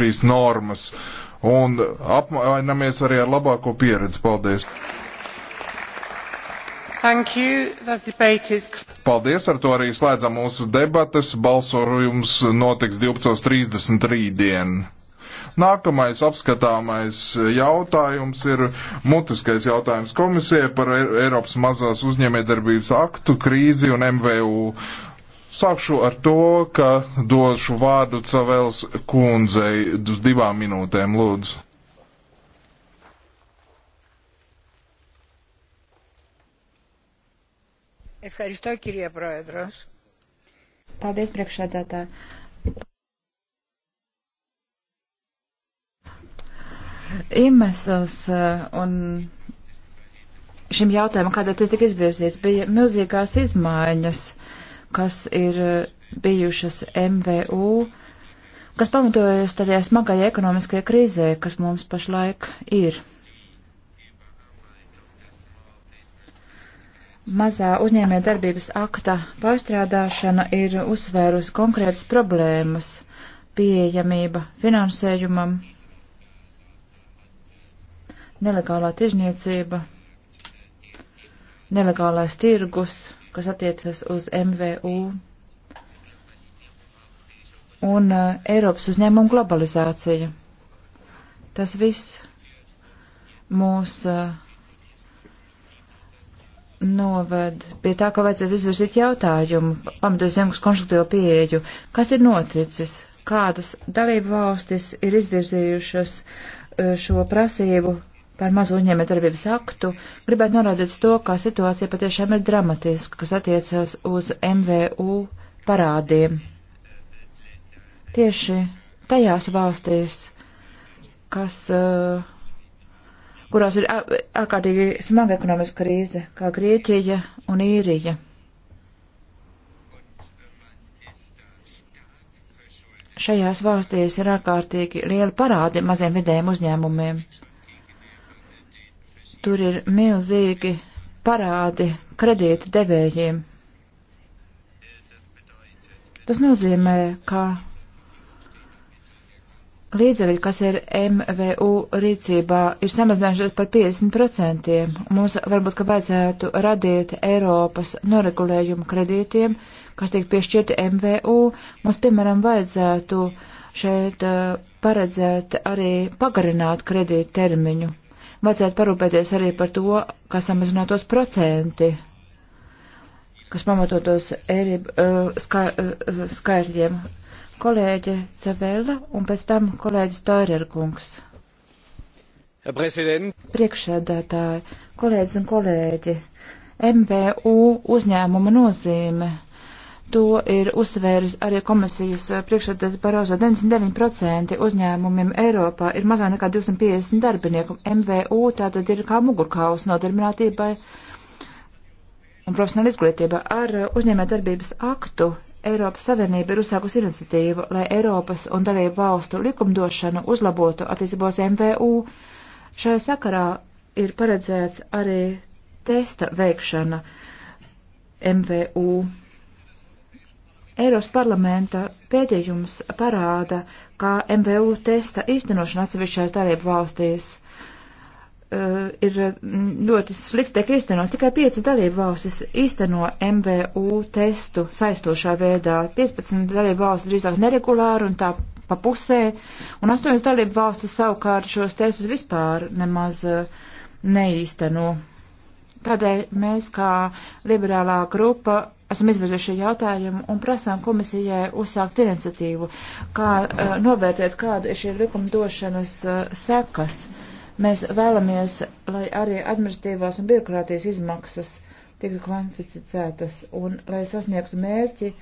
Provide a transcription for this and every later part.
šīs normas un apmainamies arī ar labāko pieredzi. Paldies! Is... Paldies, ar to arī slēdzam mūsu debates. Balsojums notiks 12.30 rītdien. Nākamais apskatāmais jautājums ir mutiskais jautājums komisijai par e- Eiropas mazās uzņēmējdarbības aktu krīzi un MVU. Sākšu ar to, ka došu vārdu Cavēls kundzei uz divām minūtēm, lūdzu. Ευχαριστώ κυρία Πρόεδρος. Paldies, priekšsēdētāji. Iemesls eh, un šim jautājumam, kādēļ tas tika izvirzīts, bija milzīgās izmaiņas kas ir eh, bijušas MVU, kas pamatojas tādā smagajā ekonomiskajā krīzē, kas mums pašlaik ir. Mazā uzņēmē darbības akta pārstrādāšana ir uzsvērusi konkrētas problēmas - pieejamība finansējumam, nelegālā tirzniecība, nelegālais tirgus kas attiecas uz MVU un uh, Eiropas uzņēmumu globalizāciju. Tas viss mūs uh, noved pie tā, ka vajadzētu izvirzīt jautājumu, pamatot zemes konstruktīvo pieeju. Kas ir noticis? Kādas dalību valstis ir izvirzījušas uh, šo prasību par mazo uzņēmējdarbības aktu, gribētu norādīt to, ka situācija patiešām ir dramatiska, kas attiecas uz MVU parādiem. Tieši tajās valstīs, kas, uh, kurās ir ārkārtīgi smaga ekonomiska krīze, kā Grieķija un Īrija. Šajās valstīs ir ārkārtīgi liela parādi maziem vidējiem uzņēmumiem. Tur ir milzīgi parādi kredīta devējiem. Tas nozīmē, ka līdzekļi, kas ir MVU rīcībā, ir samazinājušies par 50%. Mums varbūt, ka vajadzētu radīt Eiropas noregulējumu kredītiem, kas tiek piešķirti MVU. Mums, piemēram, vajadzētu šeit eh, paredzēt arī pagarināt kredīta termiņu vajadzētu parūpēties arī par to, kā samazinātos procenti, kas pamatotos ērību uh, eh, ska, uh, eh, skaitļiem. Kolēģe Cavela un pēc tam kolēģis Toirerkungs. Priekšsēdētāji, kolēģis un kolēģi, MVU uzņēmuma nozīme To ir uzsvēris arī komisijas eh, priekšsēdētājs Barozo. 99% uzņēmumiem Eiropā ir mazāk nekā 250 darbinieku. MVU tātad ir kā mugurkaus nodarbinātībai un profesionāla izglītība. Ar eh, uzņēmē darbības aktu Eiropas Savienība ir uzsākusi iniciatīvu, lai Eiropas un dalību valstu likumdošanu uzlabotu attiecībos MVU. Šajā sakarā ir paredzēts arī testa veikšana MVU Eiros parlamenta pētījums parāda, ka MVU testa īstenošana atsevišķās dalību valstīs uh, ir mm, ļoti slikti tiek īstenos. Tikai 5 dalību valstis īsteno MVU testu saistošā veidā. 15 dalību valstis drīzāk neregulāri un tā pa pusē, un 8 dalību valstis savukārt šos testus vispār nemaz uh, neīsteno. Tādēļ mēs kā liberālā grupa esam izvirzuši jautājumu un prasām komisijai uzsākt iniciatīvu, kā uh, novērtēt, kāda ir šī likumdošanas uh, sekas. Mēs vēlamies, lai arī administratīvās un birokrātijas izmaksas tika kvantificētas un, lai sasniegtu mērķi,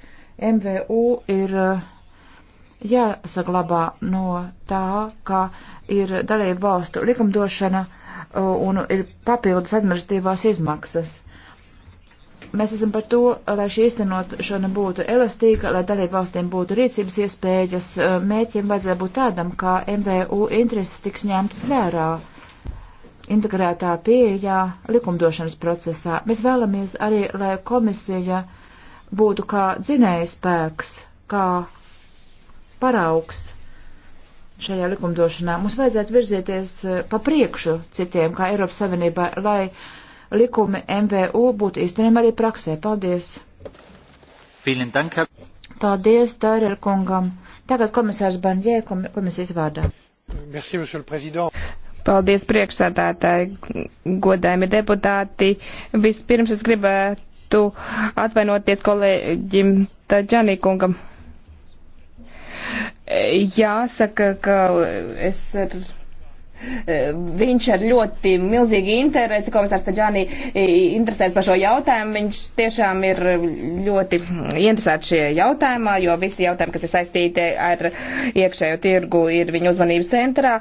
MVU ir uh, jāsaglabā no tā, ka ir dalība valstu likumdošana un ir papildus administratīvās izmaksas Mēs esam par to, lai šī īstenošana būtu elastīga, lai dalību valstīm būtu rīcības iespējas. Mēķiem vajadzētu būt tādam, kā MVU intereses tiks ņemtas vērā integrētā pieejā likumdošanas procesā. Mēs vēlamies arī, lai komisija būtu kā dzinējas spēks, kā paraugs šajā likumdošanā. Mums vajadzētu virzieties pa priekšu citiem, kā Eiropas Savienībā, lai uh, likumi MVU būtu īstenībā arī praksē. Paldies! Paldies, Tairer kungam. Tagad komisārs Barņē komisijas vārdā. Merci, Paldies, priekšsādātāji, godājumi deputāti. Vispirms es gribētu atvainoties kolēģim Taģanī kungam. Jāsaka, ka es ar. Er Viņš ar ļoti milzīgu interesi, komisārs Taģāni, interesēs par šo jautājumu. Viņš tiešām ir ļoti interesēts šajā jautājumā, jo visi jautājumi, kas ir saistīti ar iekšējo tirgu, ir viņa uzmanības centrā.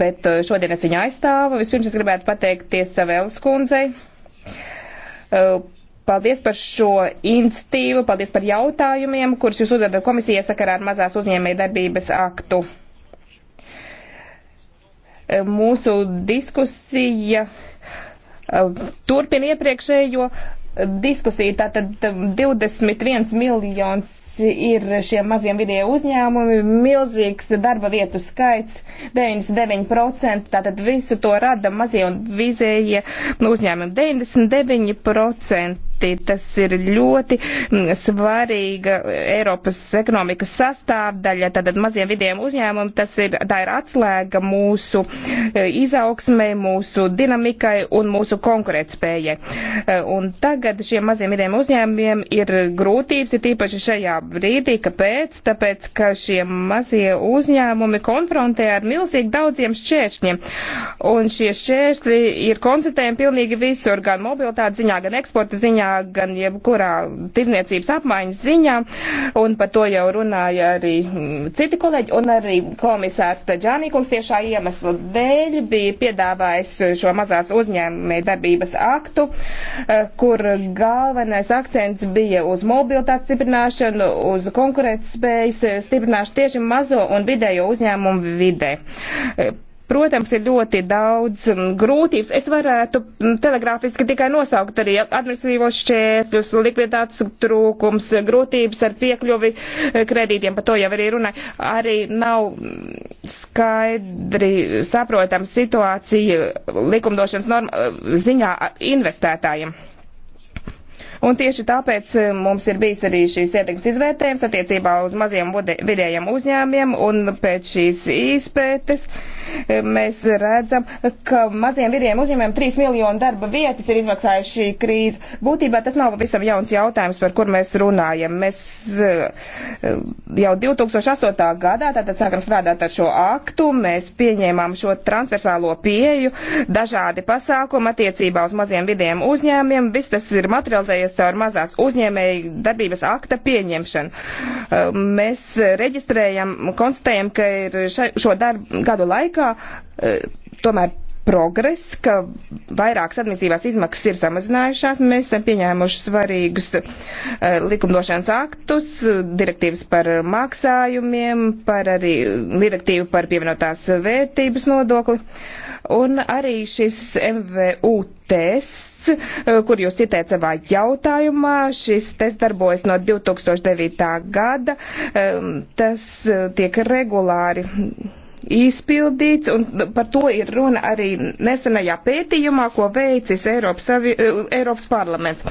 Bet šodien es viņu aizstāvu. Vispirms es gribētu pateikties Savēlas kundzei. Paldies par šo institīvu, paldies par jautājumiem, kurus jūs uzdevat komisijai sakarā ar mazās uzņēmēja darbības aktu mūsu diskusija eh, turpina iepriekšējo diskusiju. Tātad 21 eh, miljons ir šie maziem vidēji uzņēmumi, milzīgs darba vietu skaits, 99%, tātad visu to rada mazie un vizējie uzņēmumi, 99% ļoti. Tas ir ļoti mm, svarīga Eiropas ekonomikas sastāvdaļa. Tātad maziem vidiem uzņēmumiem tas ir, tā ir atslēga mūsu e, izaugsmē, mūsu dinamikai un mūsu konkurētspējai. E, un tagad šiem maziem vidiem uzņēmumiem ir grūtības, ir tīpaši šajā brīdī, kāpēc? Tāpēc, ka šie mazie uzņēmumi konfrontē ar milzīgi daudziem šķēršļiem. Un šie šķēršļi ir koncentrējami pilnīgi visur, gan mobilitātes ziņā, gan eksporta ziņā, gan jebkurā tirzniecības apmaiņas ziņā, un par to jau runāja arī mm, citi kolēģi, un arī komisārs Džānīkums tiešā iemesla dēļ bija piedāvājis šo mazās uzņēmē darbības aktu, eh, kur galvenais akcents bija uz mobilitātes stiprināšanu, uz konkurētspējas stiprināšanu tieši mazo un vidējo uzņēmumu vidē. Eh, Protams, ir ļoti daudz mm, grūtības. Es varētu mm, telegrāfiski tikai nosaukt arī administratīvos šķērtļus, likviditātes trūkums, grūtības ar piekļuvi eh, kredītiem, par to jau arī runāja. Arī nav mm, skaidri saprotama situācija likumdošanas norma eh, ziņā investētājiem. Un tieši tāpēc eh, mums ir bijis arī šīs ietekmes izvērtējums attiecībā uz maziem vidējiem uzņēmiem, un pēc šīs izpētes eh, mēs redzam, ka maziem vidējiem uzņēmiem 3 miljonu darba vietas ir izmaksājuši šī krīze. Būtībā tas nav pavisam jauns jautājums, par kur mēs runājam. Mēs eh, jau 2008. gadā, tātad sākam strādāt ar šo aktu, mēs pieņēmām šo transversālo pieeju, dažādi pasākumi attiecībā uz maziem vidējiem uzņēmiem, viss tas ir materializējies darboties ar mazās uzņēmēju darbības akta pieņemšanu. Uh, mēs reģistrējam, konstatējam, ka ir šo darbu gadu laikā uh, tomēr progress, ka vairākas administratīvās izmaksas ir samazinājušās. Mēs esam pieņēmuši svarīgus uh, likumdošanas aktus, direktīvas par maksājumiem, par arī direktīvu par pievienotās vērtības nodokli. Un arī šis MVU tests tests, eh, kur jūs citējat savā jautājumā. Šis tests darbojas no 2009. gada. Tas eh, tiek regulāri izpildīts, un par to ir runa arī nesenajā pētījumā, ko veicis Eiropas, savi, eh, Eiropas parlaments.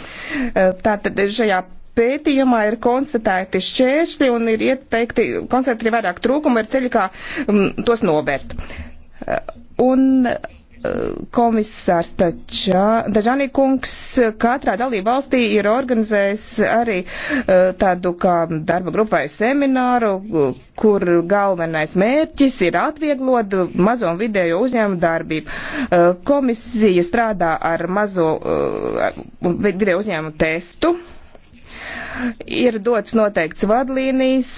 Tātad šajā pētījumā ir konstatēti šķēršļi un ir ieteikti, konstatēti vairāk trūkumi ar ceļu, kā um, tos novērst. Un komisārs Dažani kungs katrā dalība valstī ir organizējis arī e, tādu kā darba grupu vai semināru, kur galvenais mērķis ir atvieglot mazo un vidējo uzņēmumu darbību. E, komisija strādā ar mazo e, vidējo uzņēmumu testu ir dots noteikts vadlīnijas,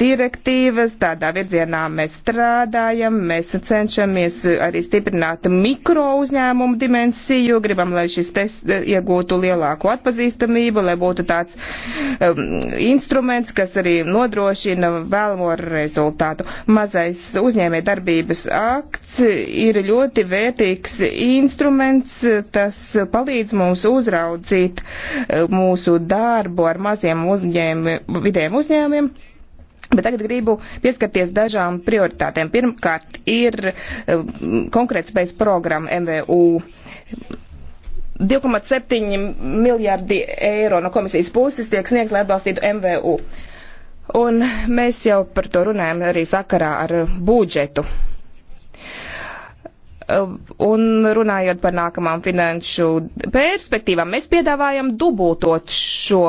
direktīvas, tādā virzienā mēs strādājam, mēs cenšamies arī stiprināt mikro uzņēmumu dimensiju, gribam, lai šis tests eh, iegūtu lielāku atpazīstamību, lai būtu tāds um, instruments, kas arī nodrošina vēlamo rezultātu. Mazais uzņēmē darbības akts ir ļoti vērtīgs instruments, tas palīdz mums uzraudzīt eh, mūsu darbu ar maziem uzņēmumiem, vidējiem uzņēmumiem. Bet tagad gribu pieskarties dažām prioritātēm. Pirmkārt, ir eh, konkrētspējas programma MVU. 2,7 miljardi eiro no komisijas puses tiek sniegts, lai atbalstītu MVU. Un mēs jau par to runājam arī sakarā ar budžetu. Un runājot par nākamām finanšu perspektīvām, mēs piedāvājam dubultot šo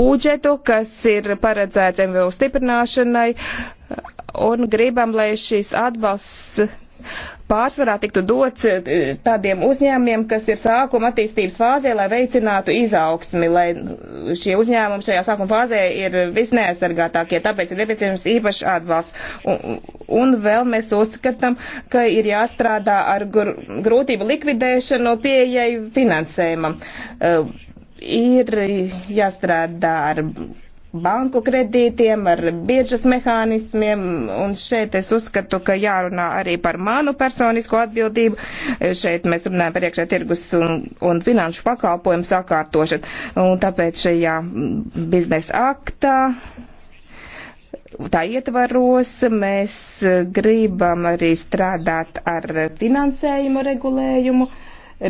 budžetu, kas ir paredzēts MVU stiprināšanai, un gribam, lai šis atbalsts pārsvarā tiktu dots eh, tādiem uzņēmumiem, kas ir sākuma attīstības fāzē, lai veicinātu izaugsmi, lai eh, šie uzņēmumi šajā sākuma fāzē ir visneaizsargātākie, tāpēc ir nepieciešams īpašs atbalsts. Un, un vēl mēs uzskatām, ka ir jāstrādā ar gr grūtību likvidēšanu pieejai finansējumam. Uh, ir jāstrādā ar banku kredītiem, ar biedžas mehānismiem, un šeit es uzskatu, ka jārunā arī par manu personisko atbildību. Šeit mēs runājam par iekšē tirgus un, un finanšu pakalpojumu sakārtošanu, un tāpēc šajā biznesa aktā tā ietvaros mēs gribam arī strādāt ar finansējumu regulējumu,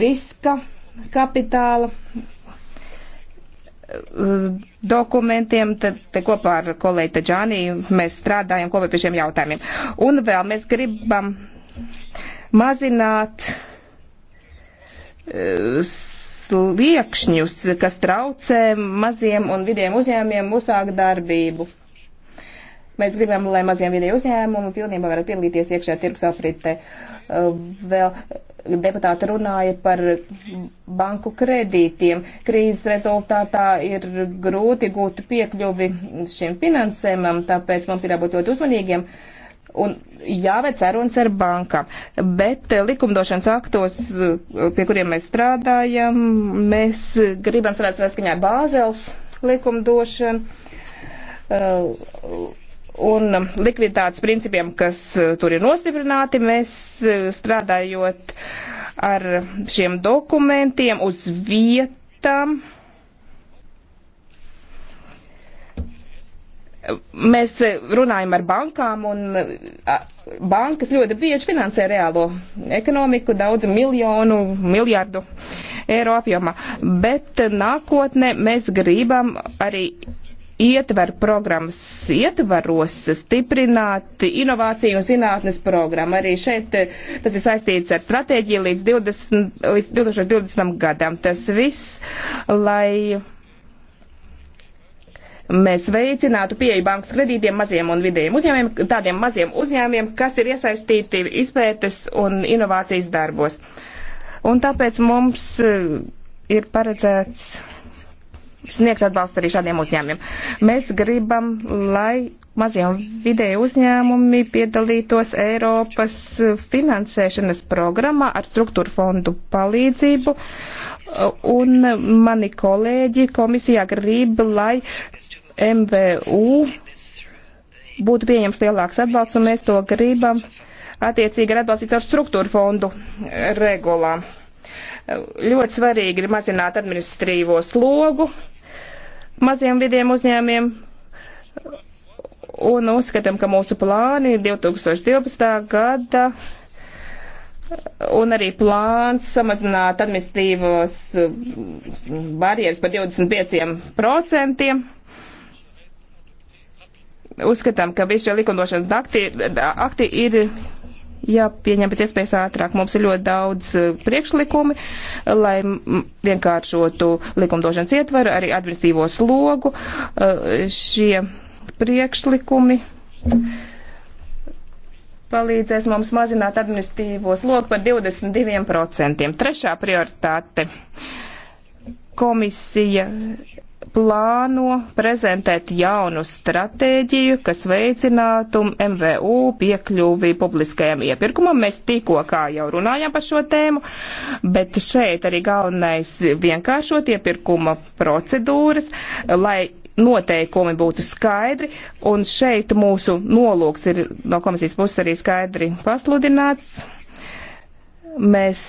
riska kapitāla dokumentiem, tad te kopā ar kolēģi Taģāni mēs strādājam kopā pie šiem jautājumiem. Un vēl mēs gribam mazināt e, sliekšņus, kas traucē maziem un vidiem uzņēmiem uzsākt darbību. Mēs gribam, lai maziem vidēju uzņēmumu pilnībā varētu piedalīties iekšējā tirgus aprite. Uh, vēl deputāti runāja par banku kredītiem. Krīzes rezultātā ir grūti gūt piekļuvi šim finansējumam, tāpēc mums ir jābūt ļoti uzmanīgiem un jāveic sarunas ar bankām. Bet eh, likumdošanas aktos, eh, pie kuriem mēs strādājam, mēs gribam strādāt saskaņā Bāzels likumdošanu. Uh, un likviditātes principiem, kas eh, tur ir nostiprināti, mēs eh, strādājot ar šiem dokumentiem uz vietām. Mēs eh, runājam ar bankām, un bankas ļoti bieži finansē reālo ekonomiku daudzu miljonu, miljardu eiro apjomā. Bet nākotnē mēs gribam arī ietver programmas ietvaros stiprināt inovāciju un zinātnes programmu. Arī šeit eh, tas ir saistīts ar stratēģiju līdz, 20, līdz 2020 gadam. Tas viss, lai mēs veicinātu pieeju bankas kredītiem maziem un vidējiem uzņēmiem, tādiem maziem uzņēmiem, kas ir iesaistīti izpētes un inovācijas darbos. Un tāpēc mums eh, ir paredzēts sniegt atbalstu arī šādiem uzņēmumiem. Mēs gribam, lai mazie un vidēji uzņēmumi piedalītos Eiropas finansēšanas programmā ar struktūru fondu palīdzību, un mani kolēģi komisijā grib, lai MVU būtu pieņems lielāks atbalsts, un mēs to gribam attiecīgi atbalstīt ar struktūru fondu regulām. Ļoti svarīgi ir mazināt administrīvo slogu, maziem vidiem uzņēmiem un uzskatām, ka mūsu plāni 2012. gada un arī plāns samazināt administratīvos mm, barjeras par 25%. Uzskatām, ka visi šie likumdošanas akti, akti ir jāpieņem pēc iespējas ātrāk. Mums ir ļoti daudz eh, priekšlikumi, lai vienkāršotu likumdošanas ietvaru, arī administrīvo slogu. Eh, šie priekšlikumi palīdzēs mums mazināt administrīvo slogu par 22%. Trešā prioritāte. Komisija plāno prezentēt jaunu stratēģiju, kas veicinātu MVU piekļuvi publiskajam iepirkumam. Mēs tikko kā jau runājām par šo tēmu, bet šeit arī galvenais vienkāršot iepirkuma procedūras, lai noteikumi būtu skaidri, un šeit mūsu nolūks ir no komisijas puses arī skaidri pasludināts. Mēs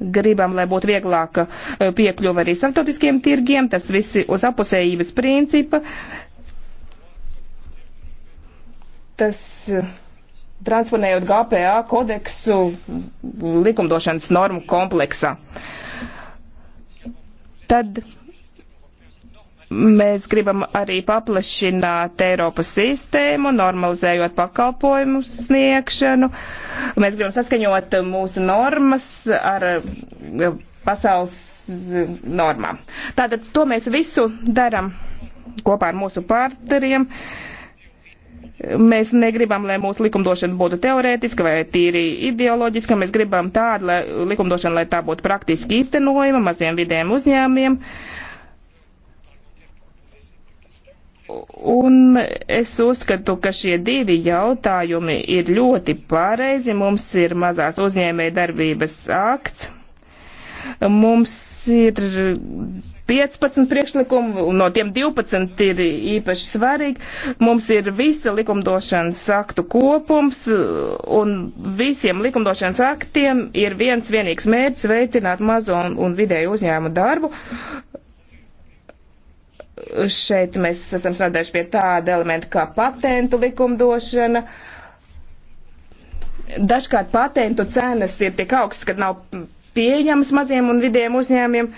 gribam, lai būtu vieglāka eh, piekļuva arī starptautiskiem tirgiem, tas visi uz apusējības principa. Tas eh, transponējot GPA kodeksu mm, likumdošanas normu kompleksā. Tad Mēs gribam arī paplašināt Eiropas sistēmu, normalizējot pakalpojumu sniegšanu. Mēs gribam saskaņot mūsu normas ar pasaules normām. Tātad to mēs visu daram kopā ar mūsu partneriem. Mēs negribam, lai mūsu likumdošana būtu teorētiska vai tīri ideoloģiska. Mēs gribam tādu lai, likumdošanu, lai tā būtu praktiski īstenojama maziem vidiem uzņēmiem. Uh, Un es uzskatu, ka šie divi jautājumi ir ļoti pareizi. Mums ir mazās uzņēmē darbības akts. Mums ir 15 priekšlikumu, no tiem 12 ir īpaši svarīgi. Mums ir visa likumdošanas aktu kopums, un visiem likumdošanas aktiem ir viens vienīgs mērķis veicināt mazo un, un vidēju uzņēmu darbu Šeit mēs esam strādājuši pie tāda elementa kā patentu likumdošana. Dažkārt patentu cenas ir tik augstas, ka nav pieejamas maziem un vidiem uzņēmiem.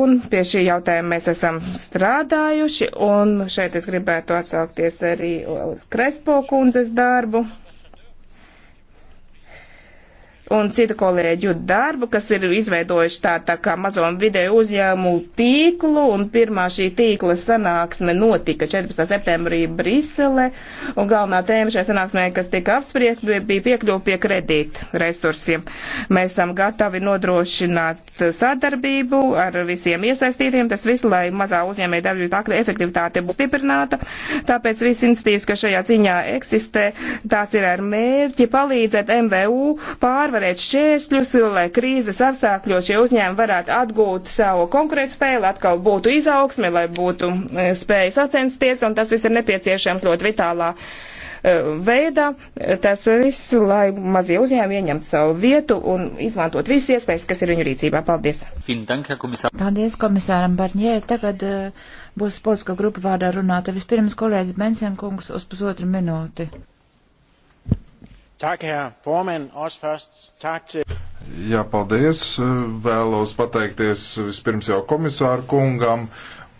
Un pie šī jautājuma mēs esam strādājuši, un šeit es gribētu atsaukties arī uz Krespo kundzes darbu un citu kolēģu darbu, kas ir izveidojuši tā, tā kā mazo un vidēju uzņēmumu tīklu, un pirmā šī tīkla sanāksme notika 14. septembrī Brisele, un galvenā tēma šajā sanāksmē, kas tika apspriest, bija piekļuva pie kredīta resursiem. Mēs esam gatavi nodrošināt sadarbību ar visiem iesaistītiem, tas viss, lai mazā uzņēmē darbības efektivitāte būtu stiprināta, tāpēc viss institīvs, kas šajā ziņā eksistē, tās ir ar mērķi palīdzēt MVU pārvarēt ignorēt šķēršļus, lai krīzes apstākļos šie uzņēmumi varētu atgūt savu konkurētspēju, lai atkal būtu izaugsme, lai būtu e, spēja sacensties, un tas viss ir nepieciešams ļoti vitālā e, veidā. Tas viss, lai mazie uzņēmumi ieņemtu savu vietu un izmantot visas iespējas, kas ir viņu rīcībā. Paldies! Paldies komisāram Barņē. Tagad e, būs sportska grupa vārdā runāta. Vispirms kolēģis Bensenkungs uz pusotru minūti. Tak, herr Forman, også først tak til. Jā, paldies. Vēlos pateikties vispirms jau komisāru kungam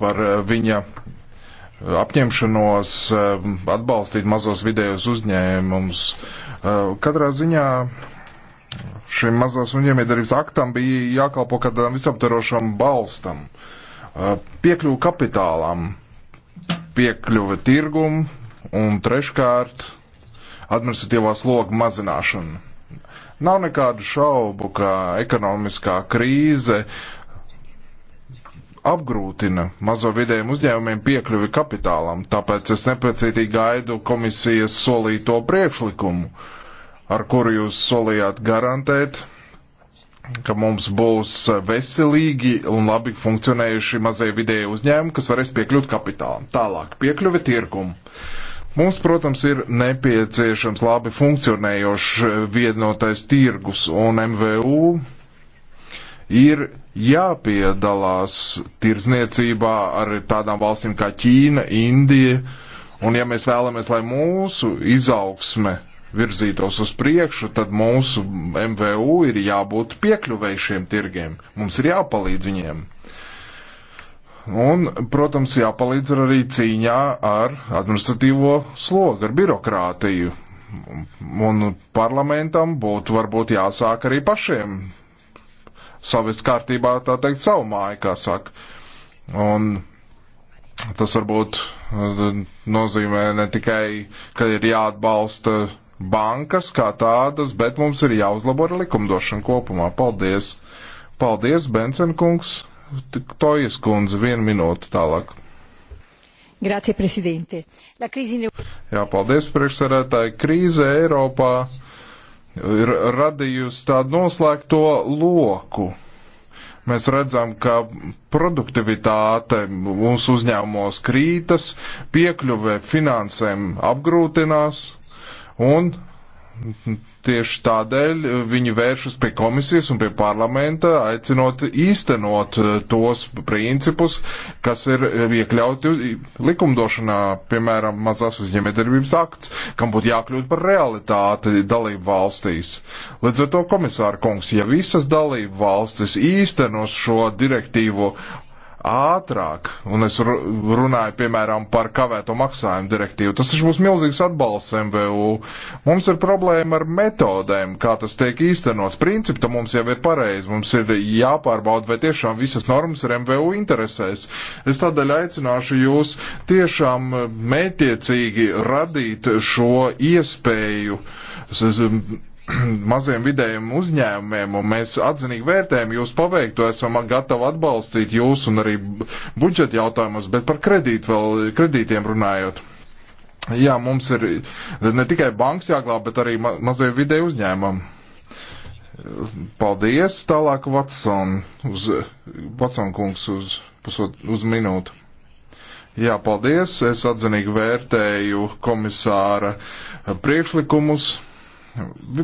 par eh, viņa eh, apņemšanos eh, atbalstīt mazos vidējos uzņēmumus. Katrā ziņā šim mazās uzņēmējdarības aktam bija jākalpo kādam visaptarošam balstam. Piekļuvu kapitālam, piekļuve tirgum un treškārt administratīvā sloga mazināšanu. Nav nekādu šaubu, ka ekonomiskā krīze apgrūtina mazo vidējiem uzņēmumiem piekļuvi kapitālam, tāpēc es nepacietīgi gaidu komisijas solīto priekšlikumu, ar kuru jūs solījāt garantēt, ka mums būs veselīgi un labi funkcionējuši mazie vidēji uzņēmumi, kas varēs piekļūt kapitālam. Tālāk piekļuvi tirkumu. Mums, protams, ir nepieciešams labi funkcionējošs vienotais tirgus, un MVU ir jāpiedalās tirzniecībā ar tādām valstīm kā Ķīna, Indija, un ja mēs vēlamies, lai mūsu izaugsme virzītos uz priekšu, tad mūsu MVU ir jābūt piekļuvējušiem tirgiem. Mums ir jāpalīdz viņiem. Uh, Un, protams, jāpalīdz arī cīņā ar administratīvo slogu, ar birokrātiju. Un parlamentam būtu varbūt jāsāk arī pašiem savest kārtībā, tā teikt, savu māju, kā saka. Un tas varbūt uh, nozīmē ne tikai, ka ir jāatbalsta bankas kā tādas, bet mums ir jāuzlabo likumdošana kopumā. Paldies! Paldies, Bensenkungs! Tojas kundze, vienu minūtu tālāk. Grācie, prezidente. La krīzi... Jā, paldies, priekšsarētāji. Krīze Eiropā ir radījusi tādu noslēgto loku. Mēs redzam, ka produktivitāte mūsu uzņēmumos krītas, piekļuve finansēm apgrūtinās, un Tieši tādēļ viņi vēršas pie komisijas un pie parlamenta, aicinot īstenot eh, tos principus, kas ir iekļauti likumdošanā, piemēram, mazās uzņēmējdarbības akts, kam būtu jākļūt par realitāti dalību valstīs. Līdz ar to, komisāra kungs, ja visas dalību valstis īstenos šo direktīvu ātrāk, un es runāju, piemēram, par kavēto maksājumu direktīvu, tas taču būs milzīgs atbalsts MVU. Mums ir problēma ar metodēm, kā tas tiek īstenots. Principi tam mums jau ir pareizi, mums ir jāpārbauda, vai tiešām visas normas ir MVU interesēs. Es tādēļ aicināšu jūs tiešām eh, mētiecīgi radīt šo iespēju maziem vidējiem uzņēmumiem, un mēs atzinīgi vērtējam jūs paveikto, esam gatavi atbalstīt jūs un arī budžeta jautājumus, bet par kredīt vēl, kredītiem runājot. Jā, mums ir ne tikai banks jāglāb, bet arī ma mazie vidēji uzņēmumi. Paldies, tālāk Vatson, uz, Vatson kungs uz, pusot, uz minūtu. Jā, paldies, es atzinīgi vērtēju komisāra priekšlikumus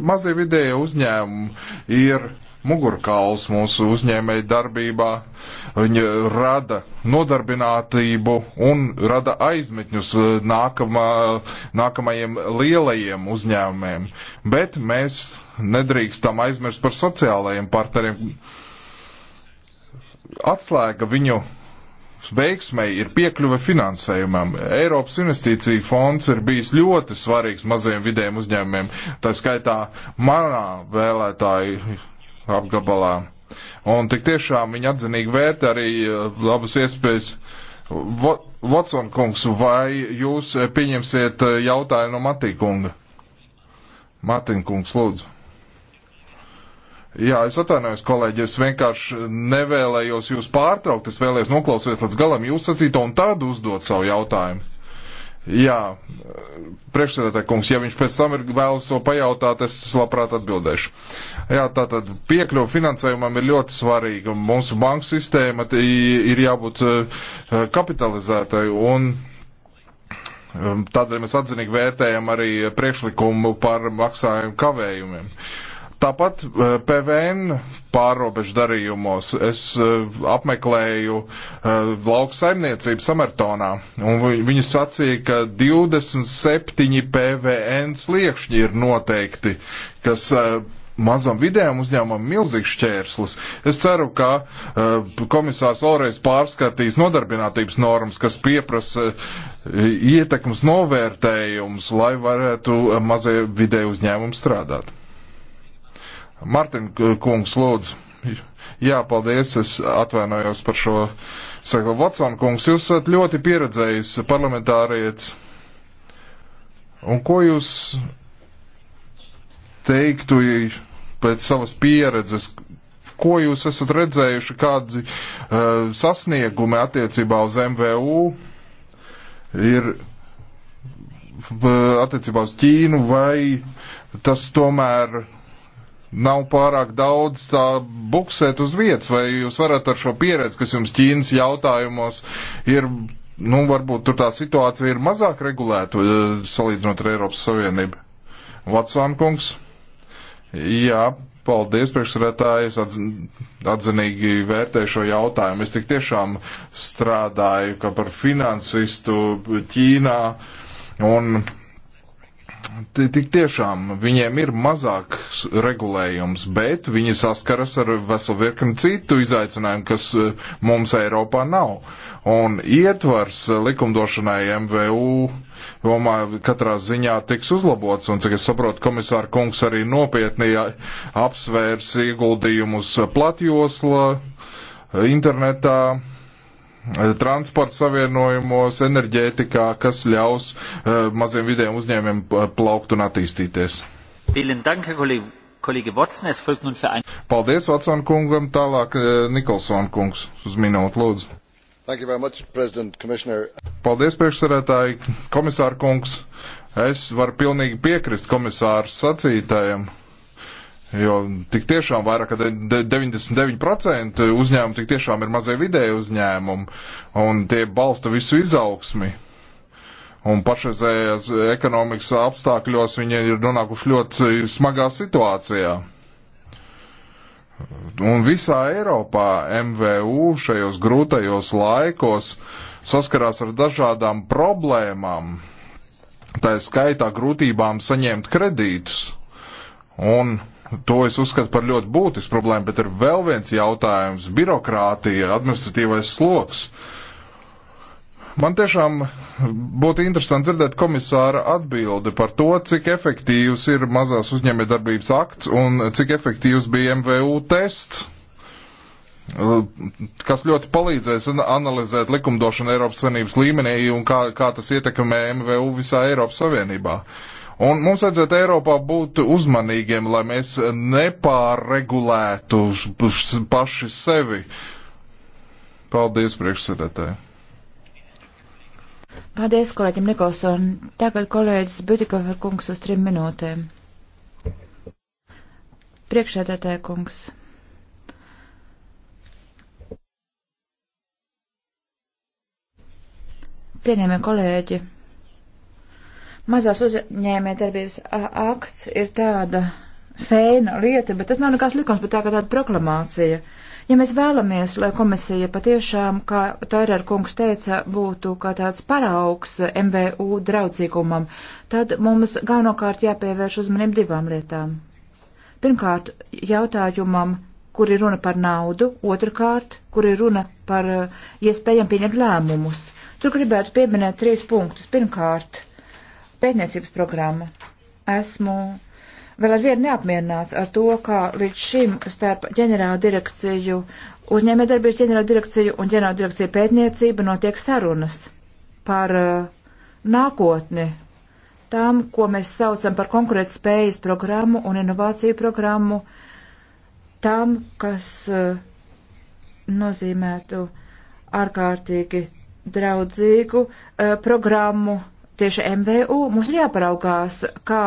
Mazie vidēji uzņēmumi ir mugurkauls mūsu uzņēmēju darbībā. Viņi rada nodarbinātību un rada aizmetņus eh, nākamā, nākamajiem lielajiem uzņēmumiem. Bet mēs nedrīkstam aizmirst par sociālajiem partneriem. Atslēga viņu veiksmei ir piekļuve finansējumam. Eiropas investīcija fonds ir bijis ļoti svarīgs maziem vidējiem uzņēmumiem, tā skaitā manā vēlētāju apgabalā. Un tik tiešām viņi atzinīgi vērt arī eh, labas iespējas. Watson kungs, vai jūs pieņemsiet eh, jautājumu no Matīkunga? Matīkungs, lūdzu. Jā, es atvainojos, kolēģi, es vienkārši nevēlējos jūs pārtraukt, es vēlējos noklausīties līdz galam jūs sacīto un tad uzdot savu jautājumu. Jā, priekšsēdētāji kungs, ja viņš pēc tam ir vēlas to pajautāt, es labprāt atbildēšu. Jā, tātad piekļuva finansējumam ir ļoti svarīga. Mūsu banku sistēma ir jābūt eh, kapitalizētai un eh, tādēļ mēs atzinīgi vērtējam arī priekšlikumu par maksājumu kavējumiem. Uh, Tāpat eh, PVN pārobežu darījumos es eh, apmeklēju eh, lauku saimniecību Samertonā, un viņi sacīja, ka 27 PVN sliekšņi ir noteikti, kas mazam vidējam uzņēmumam milzīgs šķērslis. Es ceru, ka komisārs vēlreiz pārskatīs nodarbinātības normas, kas pieprasa ietekmes novērtējums, lai varētu mazie vidēji uzņēmumi strādāt. Martin kungs, lūdzu. Jā, paldies, es atvainojos par šo. Saka, Vatsona kungs, jūs esat ļoti pieredzējis parlamentārietis. Un ko jūs teiktu pēc savas pieredzes, ko jūs esat redzējuši, kādi uh, sasniegumi attiecībā uz MVU ir eh, attiecībā uz Ķīnu, vai tas tomēr nav pārāk daudz tā buksēt uz vietas, vai jūs varat ar šo pieredzi, kas jums Ķīnas jautājumos ir, nu, varbūt tur tā situācija ir mazāk regulēta eh, salīdzinot ar Eiropas Savienību. Vatsvankungs? Jā, paldies, priekšsredētāji, es atzinīgi vērtēju šo jautājumu. Es tik tiešām strādāju, ka par finansistu Ķīnā un Tik tiešām viņiem ir mazāk regulējums, bet viņi saskaras ar veselu virkni citu izaicinājumu, kas e, mums Eiropā nav. Un ietvars e, likumdošanai MVU, domāju, katrā ziņā tiks uzlabots, un cik es saprotu, komisāra kungs arī nopietni apsvērs ieguldījumus platjosla, internetā transporta savienojumos, enerģētikā, kas ļaus eh, maziem vidējiem uzņēmiem eh, plaukt un attīstīties. Paldies, Vatsona kungam. Tālāk eh, Nikolsona kungs uz minūtu lūdzu. Much, Paldies, priekšsarētāji, komisāra kungs. Es varu pilnīgi piekrist komisāru sacītājiem. Jo tik tiešām vairāk kā 99% uzņēmumu tik tiešām ir mazie vidēji uzņēmumi, un tie balsta visu izaugsmi. Un pašreizējās ekonomikas apstākļos viņi ir nonākuši ļoti smagā situācijā. Un visā Eiropā MVU šajos grūtajos laikos saskarās ar dažādām problēmām, tā skaitā grūtībām saņemt kredītus. Un To es uzskatu par ļoti būtisku problēmu, bet ir vēl viens jautājums - birokrātija, administratīvais sloks. Man tiešām būtu interesanti dzirdēt komisāra atbildi par to, cik efektīvs ir mazās uzņēmējdarbības akts un cik efektīvs bija MVU tests, kas ļoti palīdzēs analizēt likumdošanu Eiropas Savienības līmenī un kā, kā tas ietekmē MVU visā Eiropas Savienībā. Uh, Un mums vajadzētu Eiropā būt uzmanīgiem, lai mēs nepārregulētu paši sevi. Paldies, priekšsēdētāji! Paldies, kolēģim Nikolson. Tagad kolēģis Bütikofer kungs uz trim minūtēm. Priekšsēdētāja kungs. Cienījamie kolēģi! Mazās uzņēmē darbības akts ir tāda fēna lieta, bet tas nav nekās likums, bet tā kā tāda proklamācija. Ja mēs vēlamies, lai komisija patiešām, kā Toirer kungs teica, būtu kā tāds paraugs MVU draudzīgumam, tad mums galvenokārt jāpievērš uzmanību divām lietām. Pirmkārt, jautājumam, kur ir runa par naudu, otrkārt, kur ir runa par uh, iespējām pieņemt lēmumus. Tur gribētu pieminēt trīs punktus. Pirmkārt, pētniecības programma. Esmu vēl ar vienu neapmierināts ar to, kā līdz šim starp ģenerāla direkciju, uzņēmējdarbības ģenerāla direkciju un ģenerāla direkcija pētniecība notiek sarunas par uh, nākotni tam, ko mēs saucam par konkurētspējas programmu un inovāciju programmu, tam, kas uh, nozīmētu ārkārtīgi draudzīgu uh, programmu tieši MVU, mums ir jāparaugās, kā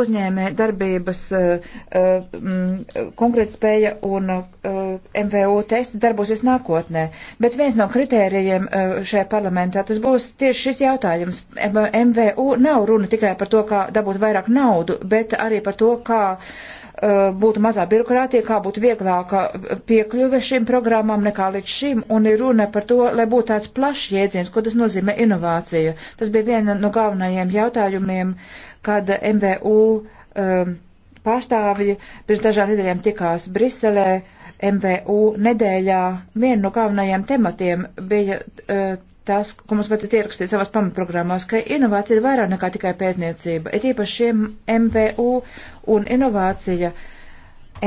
uzņēmē darbības uh, um, konkrēta spēja un uh, eh, MVU testi darbosies nākotnē. Bet viens no kritērijiem uh, šajā parlamentā tas būs tieši šis jautājums. MVU nav runa tikai par to, kā dabūt vairāk naudu, bet arī par to, kā uh, Eh, būtu mazā birokrātija, kā būtu vieglāka piekļuve šīm programmām nekā līdz šim, un ir runa par to, lai būtu tāds plašs jēdziens, ko tas nozīmē inovācija. Tas bija viena no galvenajiem jautājumiem, kad MVU um, eh, pārstāvji pirms dažām nedēļām tikās Briselē. MVU nedēļā viena no galvenajiem tematiem bija uh, tas, ko mums vajadzētu ierakstīt savās pamatprogrammās, ka inovācija ir vairāk nekā tikai pētniecība, ir īpaši šiem MVU un inovācija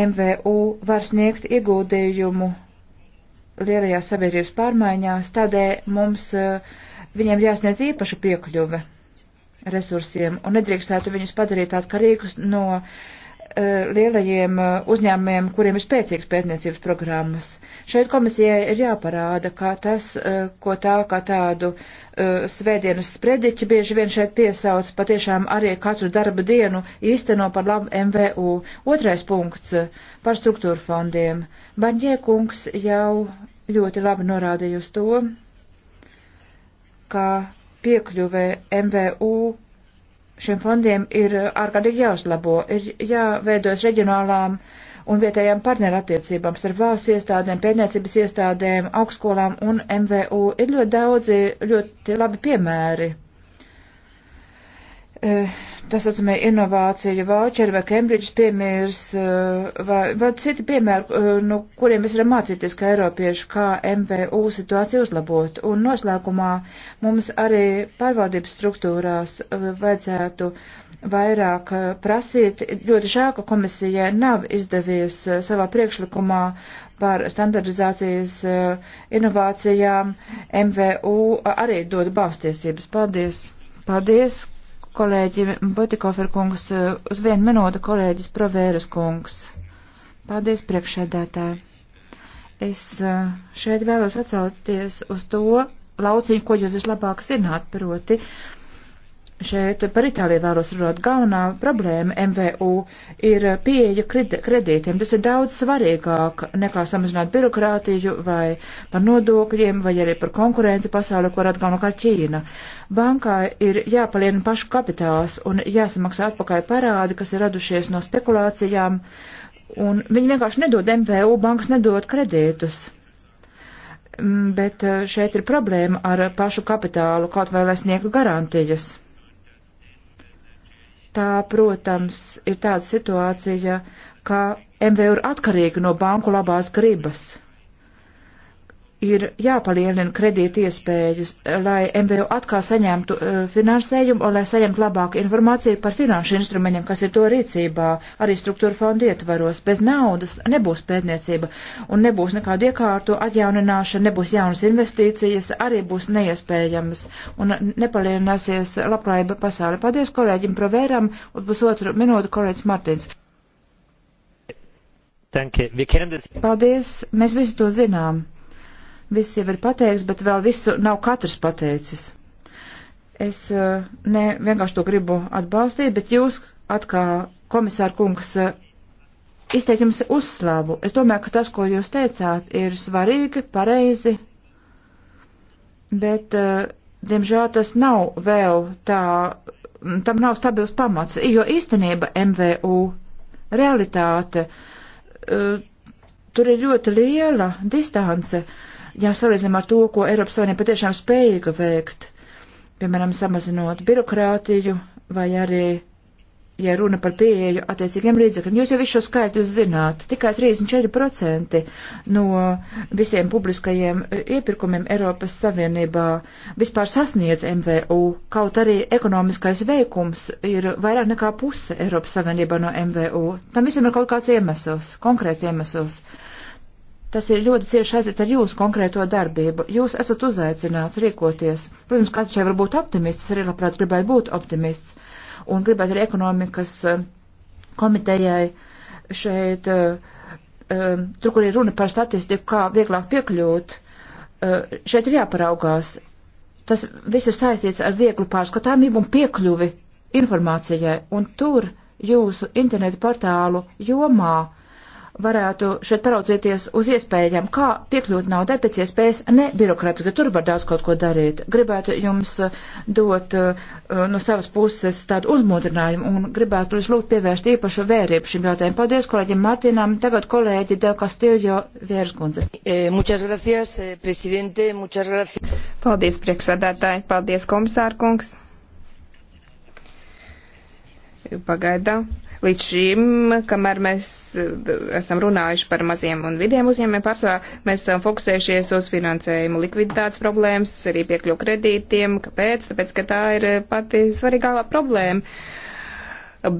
MVU var sniegt ieguldījumu lielajās sabiedrības pārmaiņās, tādēļ mums eh, viņiem jāsniedz īpaša piekļuve resursiem un nedrīkstētu viņus padarīt atkarīgus no uh, Eh, lielajiem eh, uzņēmumiem, kuriem ir spēcīgas pētniecības programmas. Šeit komisijai ir jāparāda, ka tas, eh, ko tā kā tādu svētdienas sprediķi bieži vien šeit piesauc, patiešām arī katru darba dienu īsteno par labu MVU. Otrais punkts par struktūra fondiem. Banģie kungs jau ļoti labi norādīja uz to, ka piekļuvē MVU šiem fondiem ir ārkārtīgi jāuzlabo, ir jāveidojas reģionālām un vietējām partnerattiecībām starp valsts iestādēm, pētniecības iestādēm, augstskolām un MVU. Ir ļoti daudzi ļoti labi piemēri Eh, tā saucamie inovāciju voucheri vai Cambridge piemērs eh, vai, vai citi piemēri, eh, no kuriem mēs varam mācīties kā eiropieši, kā MVU situāciju uzlabot. Un noslēgumā mums arī pārvaldības struktūrās vajadzētu vairāk prasīt. Ļoti žēl, ka komisijai nav izdevies savā priekšlikumā par standardizācijas inovācijām. MVU arī dod balstiesības. Paldies! Paldies! kolēģi Botikofer kungs, uz vienu minūtu kolēģis Provēras kungs. Paldies priekšēdētāji. Es eh, šeit vēlos atsauties uz to lauciņu, ko jūs vislabāk zināt, proti Šeit par Itāliju vēlos runāt. Galvenā problēma MVU ir pieeja kredītiem. Tas ir daudz svarīgāk nekā samazināt birokrātiju vai par nodokļiem vai arī par konkurenci pasauli, kur atgalvenokārt Ķīna. Bankā ir jāpaliena pašu kapitāls un jāsamaksā atpakaļ parādi, kas ir radušies no spekulācijām. Un viņi vienkārši nedod MVU, bankas nedod kredītus mm, bet eh, šeit ir problēma ar pašu kapitālu, kaut vai lai sniegtu garantijas tā, protams, ir tāda situācija, ka MVU ir atkarīga no banku labās gribas ir jāpalielina kredīti iespējas, lai MVU atkal saņemtu uh, finansējumu un lai saņemtu labāku informāciju par finanšu instrumentiem, kas ir to rīcībā, arī struktūra fondu ietvaros. Bez naudas nebūs pētniecība un nebūs nekādu iekārtu atjaunināšana, nebūs jaunas investīcijas, arī būs neiespējamas un nepalielināsies labklājība pasauli. Paldies kolēģim Provēram un pusotru minūtu kolēģis Martins. Paldies, mēs visi to zinām Viss jau ir pateicis, bet vēl visu nav katrs pateicis. Es eh, ne vienkārši to gribu atbalstīt, bet jūs atkā komisāra kungs eh, izteikt jums uzslavu. Es domāju, ka tas, ko jūs teicāt, ir svarīgi, pareizi, bet, eh, diemžēl, tas nav vēl tā, mm, tam nav stabils pamats, jo īstenība MVU realitāte, tur ir ļoti liela distance. Uh, jāsalīdzinām ar to, ko Eiropas Savienība patiešām spējīga veikt, piemēram, samazinot birokrātiju vai arī, ja runa par pieeju attiecīgiem līdzekļiem. Jūs jau visu šo skaitu zināt, tikai 34% no visiem publiskajiem e, iepirkumiem Eiropas Savienībā vispār sasniedz MVU, kaut arī ekonomiskais veikums ir vairāk nekā puse Eiropas Savienībā no MVU. Tam visam ir kaut kāds iemesls, konkrēts iemesls. Uh, Tas ir ļoti cieši aiziet ar jūsu konkrēto darbību. Jūs esat uzaicināts rīkoties. Protams, kāds šeit var būt optimists, es arī labprāt gribētu būt optimists un gribētu arī ekonomikas eh, komitejai šeit, eh, eh, tur, kur ir runa par statistiku, kā vieglāk piekļūt, šeit ir jāparaugās. Tas viss ir saistīts ar vieglu pārskatāmību un piekļuvi informācijai, un tur jūsu internetu portālu jomā varētu šeit paraudzīties uz iespējām, kā piekļūt naudai pēc iespējas nebirokrātiski, ka tur var daudz kaut ko darīt. Gribētu jums uh, dot uh, no savas puses tādu uzmodrinājumu un gribētu, protams, lūgt pievērst īpašu vērību šim jautājumam. Paldies kolēģim Martīnam, tagad kolēģi Del Castillo Vierskundze. E, eh, muchas gracias, eh, presidente, muchas gracias. Paldies, priekšsādātāji, paldies, komisārkungs. Pagaidām Līdz šim, kamēr mēs eh, esam runājuši par maziem un vidiem uzņēmumiem, pārsvarā mēs esam fokusējušies uz finansējumu likviditātes problēmas, arī piekļu kredītiem. Kāpēc? Tāpēc, ka tā ir eh, pati svarīgākā problēma.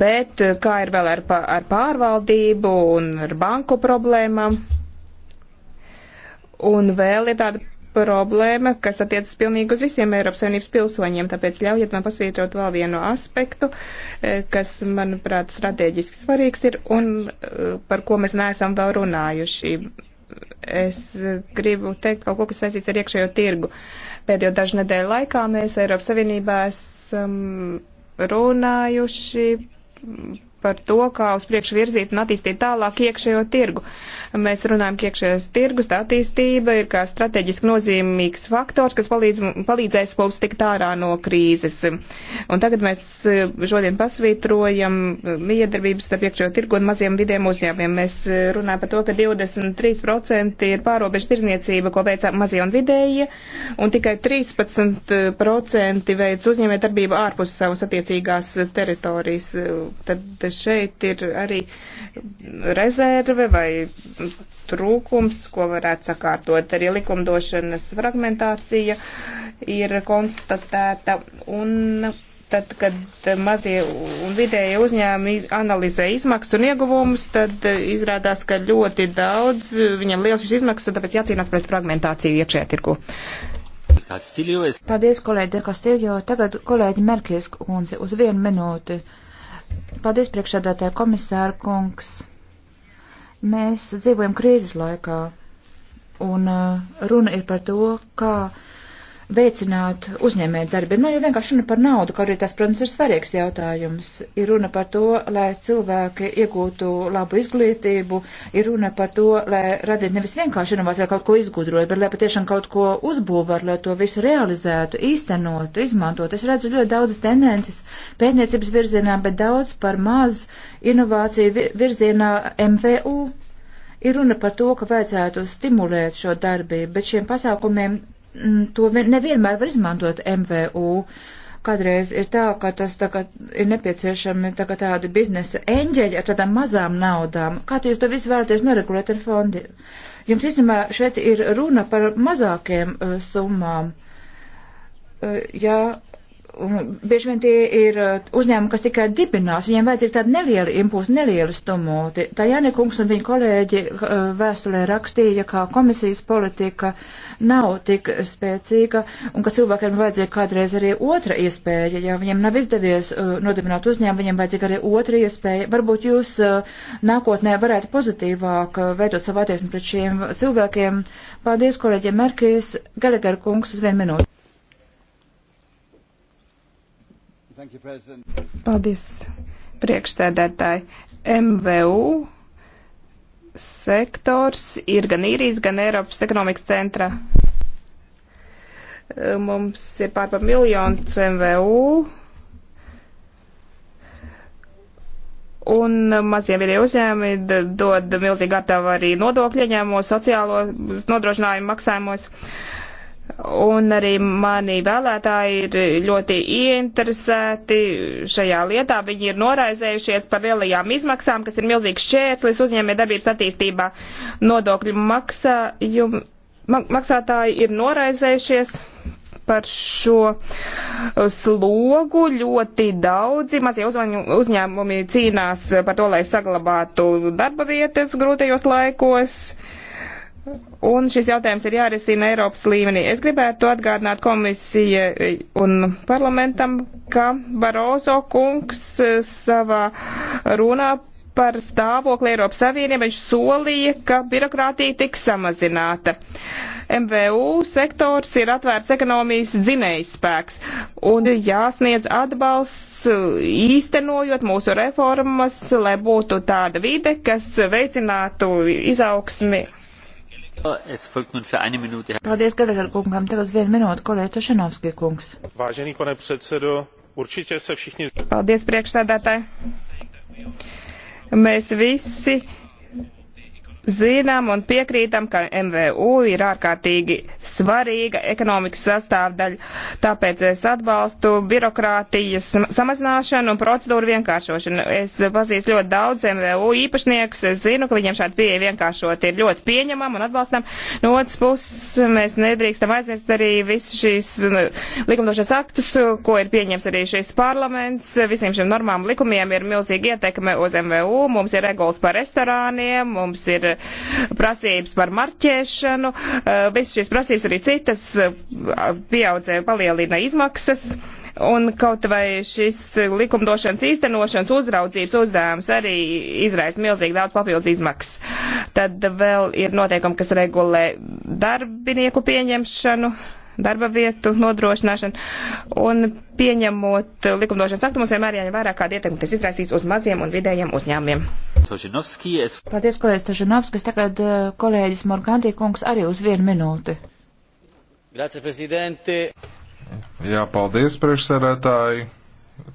Bet eh, kā ir vēl ar, ar pārvaldību un ar banku problēmām? Un vēl ir tāda problēma, kas attiecas pilnīgi uz visiem Eiropas Savienības pilsoņiem, tāpēc ļaujiet man pasvītrot vēl vienu aspektu, eh, kas, manuprāt, strateģiski svarīgs ir un eh, par ko mēs neesam vēl runājuši. Es gribu teikt kaut ko, kas saistīts ar iekšējo tirgu. Pēdējo dažu nedēļu laikā mēs Eiropas Savienībā esam runājuši par to, kā uz priekšu virzīt un attīstīt tālāk iekšējo tirgu. Mēs runājam, ka iekšējais tirgus attīstība ir kā strateģiski nozīmīgs faktors, kas palīdz, palīdzēs mums tikt ārā no krīzes. Un tagad mēs e, šodien pasvītrojam e, miedarbības starp iekšējo tirgu un maziem vidiem uzņēmiem. Mēs e, runājam par to, ka 23% ir pārobežu tirzniecība, ko veic mazie un vidējie, un tikai 13% veic uzņēmē darbību ārpus savas attiecīgās teritorijas. Tad šeit ir arī rezerve vai trūkums, ko varētu sakārtot. Arī likumdošanas fragmentācija ir konstatēta. Un tad, kad mazie un vidēji uzņēmumi analizē izmaksas un ieguvumus, tad izrādās, ka ļoti daudz viņam liels šis izmaksas, un tāpēc jācīnās pret fragmentāciju iekšējā tirgu. Paldies, kolēģi Dekastiljo. Tagad kolēģi Merkies kundze uz vienu minūti. Paldies, priekšsēdētāja komisāra kungs. Mēs dzīvojam krīzes laikā, un uh, runa ir par to, kā. Ka veicināt uzņēmēju darbību. Nu, jo vienkārši runa par naudu, kaut arī tas, protams, ir svarīgs jautājums. Ir runa par to, lai cilvēki iegūtu labu izglītību, ir runa par to, lai radītu nevis vienkārši inovāciju, kaut ko izgudrot, bet lai patiešām kaut ko uzbūvētu, lai to visu realizētu, īstenot, izmantot. Es redzu ļoti daudzas tendences pētniecības virzienā, bet daudz par maz inovāciju virzienā MVU. Ir runa par to, ka vajadzētu stimulēt šo darbību, bet šiem pasākumiem Mm, to nevienmēr var izmantot MVU. Kādreiz ir tā, ka tas tā kā ir nepieciešami tā kā tādi biznesa eņģeļi ar tādām mazām naudām. Kā jūs to visu vēlaties noregulēt ar fondiem? Jums īstenībā šeit ir runa par mazākiem uh, summām. Uh, ja Un bieži vien tie ir uh, uzņēmumi, kas tikai dibinās, viņiem vajadzīga tāda neliela impulsa, neliela stumoti. Tā Jānekungs un viņa kolēģi uh, vēstulē rakstīja, ka komisijas politika nav tik spēcīga un ka cilvēkiem vajadzīga kādreiz arī otra iespēja. Ja viņiem nav izdevies uh, nodibināt uzņēmumu, viņiem vajadzīga arī otra iespēja. Varbūt jūs nākotnē varētu pozitīvāk veidot savu attieksmi pret šiem cilvēkiem. Paldies kolēģiem Merkīs, Galegar kungs uz vienu minūti. Paldies, priekšstādētāji. MVU sektors ir gan īrijas, gan Eiropas ekonomikas centra. Mums ir pārpa miljonus MVU. Un mazie vidēji uzņēmumi dod milzīgi gatavu arī nodokļu ieņēmumos, sociālo nodrošinājumu maksājumos. Uh, un arī mani vēlētāji ir ļoti ieinteresēti šajā lietā. Viņi ir noraizējušies par lielajām izmaksām, kas ir milzīgs šķērslis uzņēmē darbības attīstībā. Nodokļu maksājumi, maksātāji ir noraizējušies par šo slogu. Ļoti daudzi mazie uzņēmumi cīnās par to, lai saglabātu darba vietas grūtajos laikos. Un šis jautājums ir jārisina Eiropas līmenī. Es gribētu atgādināt komisijai un parlamentam, ka Barozo kungs eh, savā runā par stāvokli Eiropas Savienībā viņš solīja, ka birokrātija tiks samazināta. MVU sektors ir atvērts ekonomijas dzinējspēks un jāsniedz atbalsts eh, īstenojot mūsu reformas, lai būtu tāda vide, kas veicinātu izaugsmi Paldies, Gallagher kungam. Tagad uz vienu minūti kolēģis Tošanovski kungs. Vážený pane predsedo, určite sa všichni... Paldies, priekšsēdētāji. Mēs visi zinām un piekrītam, ka MVU ir ārkārtīgi svarīga ekonomikas sastāvdaļa. Tāpēc es atbalstu birokrātijas samazināšanu un procedūru vienkāršošanu. Es pazīstu ļoti daudz MVU īpašniekus. Es zinu, ka viņiem šāda pieeja vienkāršot ir ļoti pieņemama un atbalstām. No otras puses, mēs nedrīkstam aizmirst arī visus šīs nu, likumdošos aktus, ko ir pieņems arī šis parlaments. Visiem šiem normām likumiem ir milzīga ietekme uz MVU. Mums ir regulas par restorāniem, mums ir Eh, prasības par marķēšanu. Eh, visas šīs prasības arī citas eh, pieaudzē palielina izmaksas. Un kaut vai šis likumdošanas īstenošanas uzraudzības uzdevums arī izraisa milzīgi daudz papildus izmaksas. Tad vēl ir noteikumi, kas regulē darbinieku pieņemšanu darba vietu nodrošināšanu. Un pieņemot likumdošanas aktu, mums vienmēr jāņem vērā, kāda ietekme tas izraisīs uz maziem un vidējiem uzņēmumiem. Es... Paldies, kolēģis Tožinovskis. Tagad eh, kolēģis Morgantī kungs arī uz vienu minūti. Grazie, prezidente. Jā, paldies, priekšsēdētāji.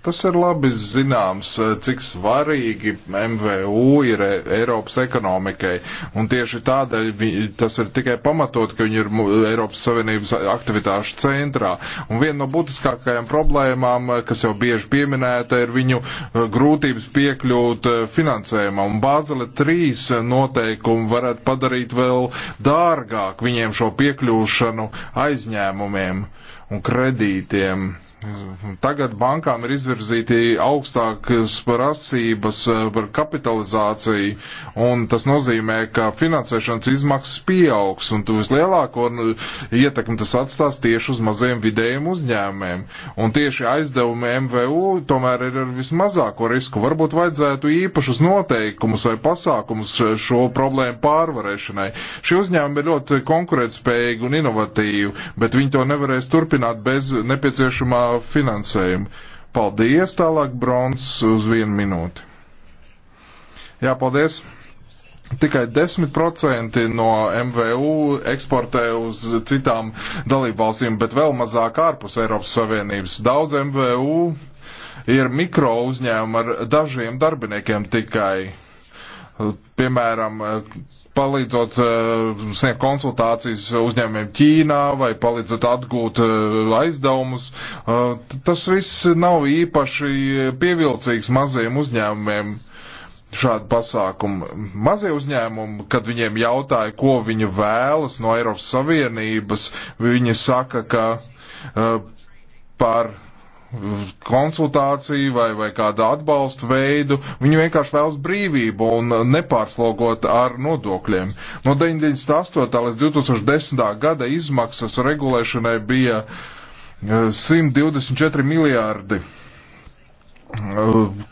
Tas ir labi zināms, eh, cik svarīgi MVU ir e- Eiropas ekonomikai, un tieši tādēļ tas ir tikai pamatot, ka viņi ir Eiropas Savienības aktivitāšu centrā. Un viena no būtiskākajām problēmām, eh, kas jau bieži pieminēta, ir viņu eh, grūtības piekļūt finansējumam. Bāzele 3 noteikumi varētu padarīt vēl dārgāk viņiem šo piekļūšanu aizņēmumiem un kredītiem Tagad bankām ir izvirzīti augstākas prasības eh, par kapitalizāciju, un tas nozīmē, ka finansēšanas izmaksas pieaugs, un vislielāko ietekmi tas atstās tieši uz maziem vidējiem uzņēmumiem. Un tieši aizdevumi MVU tomēr ir ar vismazāko risku. Varbūt vajadzētu īpašus noteikumus vai pasākumus šo problēmu pārvarēšanai. Šie uzņēmumi ir ļoti konkurētspējīgi un inovatīvi, bet viņi to nevarēs turpināt bez nepieciešamā finansējumu. Paldies, tālāk Brons uz vienu minūti. Jā, paldies. Tikai 10% no MVU eksportē uz citām dalībvalstīm, bet vēl mazāk ārpus Eiropas Savienības. Daudz MVU ir mikro uzņēmumi ar dažiem darbiniekiem tikai piemēram, palīdzot eh, sniegt konsultācijas uzņēmumiem Ķīnā vai palīdzot atgūt eh, aizdevumus. Eh, tas viss nav īpaši pievilcīgs maziem uzņēmumiem. Šādu pasākumu. Mazie uzņēmumi, kad viņiem jautāja, ko viņi vēlas no Eiropas Savienības, viņi saka, ka uh, par konsultāciju vai, vai kādu atbalstu veidu. Viņi vienkārši vēlas brīvību un nepārslogot ar nodokļiem. No 98. līdz 2010. gada izmaksas regulēšanai bija 124 eh, miljārdi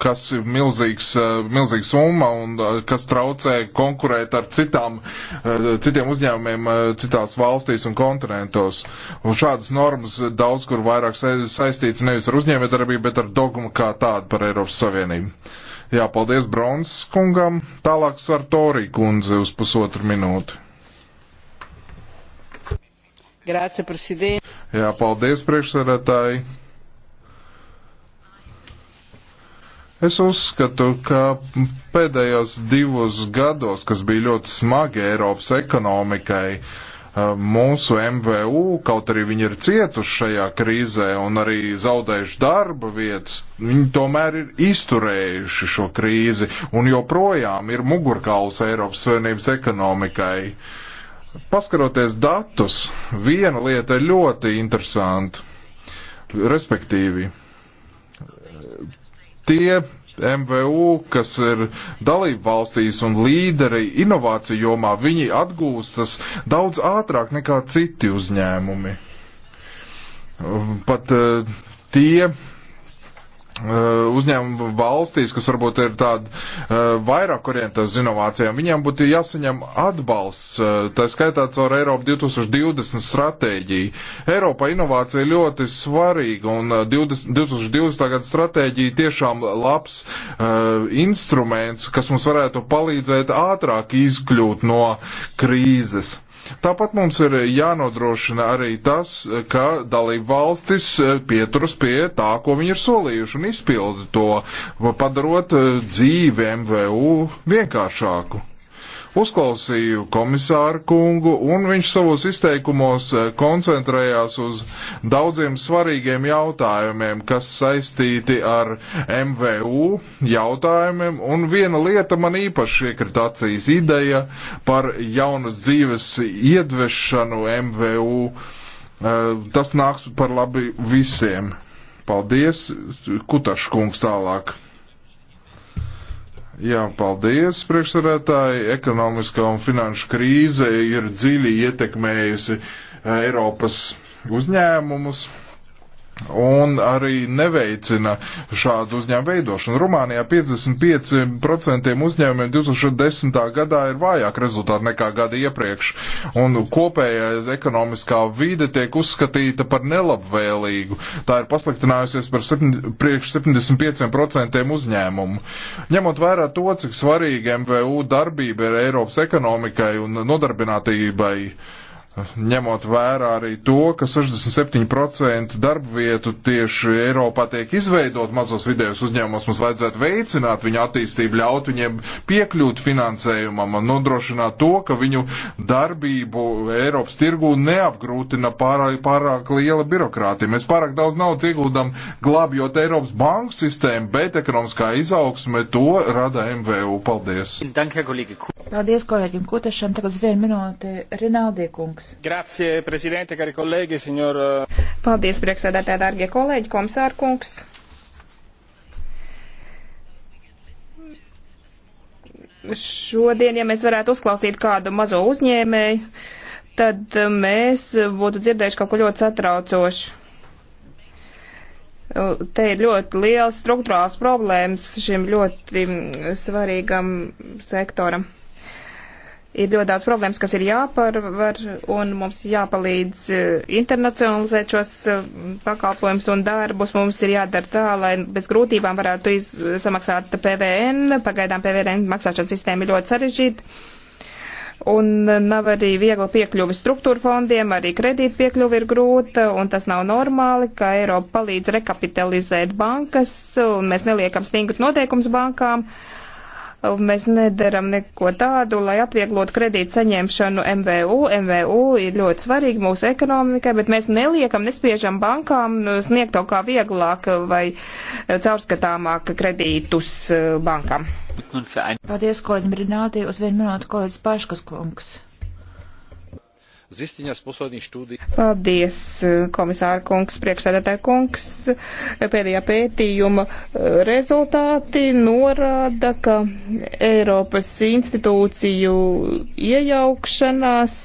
kas ir milzīgs, eh, milzīgs summa un eh, kas traucē konkurēt ar citām, eh, citiem uzņēmumiem citās valstīs un kontinentos. Un šādas normas daudz kur vairāk saistīts nevis ar uzņēmējdarbību, bet ar dogmu kā tādu par Eiropas Savienību. Jā, paldies Brons kungam. Tālāk Sartori kundze uz pusotru minūti. Grāce, Jā, paldies priekšsēdētāji. Es uzskatu, ka pēdējos divos gados, kas bija ļoti smagi Eiropas ekonomikai, eh, mūsu MVU, kaut arī viņi ir cietuši šajā krīzē un arī zaudējuši darba vietas, viņi tomēr ir izturējuši šo krīzi un joprojām ir mugurkauls Eiropas Savienības ekonomikai. Paskaroties datus, viena lieta ir ļoti interesanta, respektīvi tie MVU, kas ir dalību valstīs un līderi inovāciju jomā, viņi atgūstas daudz ātrāk nekā citi uzņēmumi. Pat eh, tie Uh, uzņēmumu valstīs, kas varbūt ir tāda uh, vairāk orientēta uz inovācijām, viņiem būtu jāsaņem atbalsts, uh, tā skaitā caur Eiropu 2020 stratēģiju. Eiropā inovācija ir ļoti svarīga un 20, 2020. gada stratēģija tiešām labs uh, instruments, kas mums varētu palīdzēt ātrāk izkļūt no krīzes. Tāpat mums ir jānodrošina arī tas, ka dalību valstis eh, pieturas pie tā, ko viņi ir solījuši un izpildu to, padarot eh, dzīvi MVU vienkāršāku. Uzklausīju komisāru kungu, un viņš savos izteikumos eh, koncentrējās uz daudziem svarīgiem jautājumiem, kas saistīti ar MVU jautājumiem, un viena lieta man īpaši iekrita acīs - ideja par jaunas dzīves iedvešanu MVU. Eh, tas nāks par labi visiem. Paldies, Kutaškungs tālāk. Jā, paldies, priekšsarētāji. Ekonomiskā un finanšu krīze ir dziļi ietekmējusi eh, Eiropas uzņēmumus un arī neveicina šādu uzņēmumu veidošanu. Rumānijā 55% uzņēmumiem 2010. gadā ir vājāk rezultāti nekā gada iepriekš, un kopējā ekonomiskā vīde tiek uzskatīta par nelabvēlīgu. Tā ir pasliktinājusies par 7, priekš 75% uzņēmumu. Ņemot vērā to, cik svarīga MVU darbība ir Eiropas ekonomikai un nodarbinātībai, uh, ņemot vērā arī to, ka 67% darba vietu tieši Eiropā tiek izveidot mazos vidējos uzņēmumos, mums vajadzētu veicināt viņu attīstību, ļaut viņiem piekļūt finansējumam un nodrošināt to, ka viņu darbību Eiropas tirgū neapgrūtina pārāk, pārāk liela birokrātija. Mēs pārāk daudz naudas ieguldam glābjot Eiropas banku sistēmu, bet ekonomiskā izaugsme to rada MVU. Paldies! Paldies kolēģim Kutešam. Tagad uz vienu minūti Rinaldiekungs kungs. Grazie, prezidente, kari kolēģi, signor. Paldies, priekšsēdētāji, dārgie kolēģi, komisār kungs. Šodien, ja mēs varētu uzklausīt kādu mazo uzņēmēju, tad mēs būtu dzirdējuši kaut ko ļoti satraucošu. Te ir ļoti liels struktūrāls problēmas šim ļoti svarīgam sektoram ir ļoti daudz problēmas, kas ir jāparvar, un mums jāpalīdz eh, internacionalizēt šos eh, pakalpojumus un darbus. Mums ir jādara tā, lai bez grūtībām varētu samaksāt PVN. Pagaidām PVN maksāšanas sistēma ir ļoti sarežģīta. Un nav arī viegla piekļuvi struktūra fondiem, arī kredīta piekļuvi ir grūta, un tas nav normāli, ka Eiropa palīdz rekapitalizēt bankas, un mēs neliekam stingrus noteikums bankām. Uh, Mēs nedaram neko tādu, lai atvieglotu kredītu saņemšanu MVU. MVU ir ļoti svarīgi mūsu ekonomikai, bet mēs neliekam, nespiežam bankām nu, sniegt kaut kā vieglāk vai eh, caurskatāmāk kredītus eh, bankām. Paldies, kolēģi, brināti. Uz vienu minūtu kolēģis Paškas kungs. Zistiņas posodņu štūdiju. Paldies, komisāra kungs, priekšsēdētāja kungs. Pēdējā pētījuma eh, rezultāti norāda, ka Eiropas institūciju iejaukšanās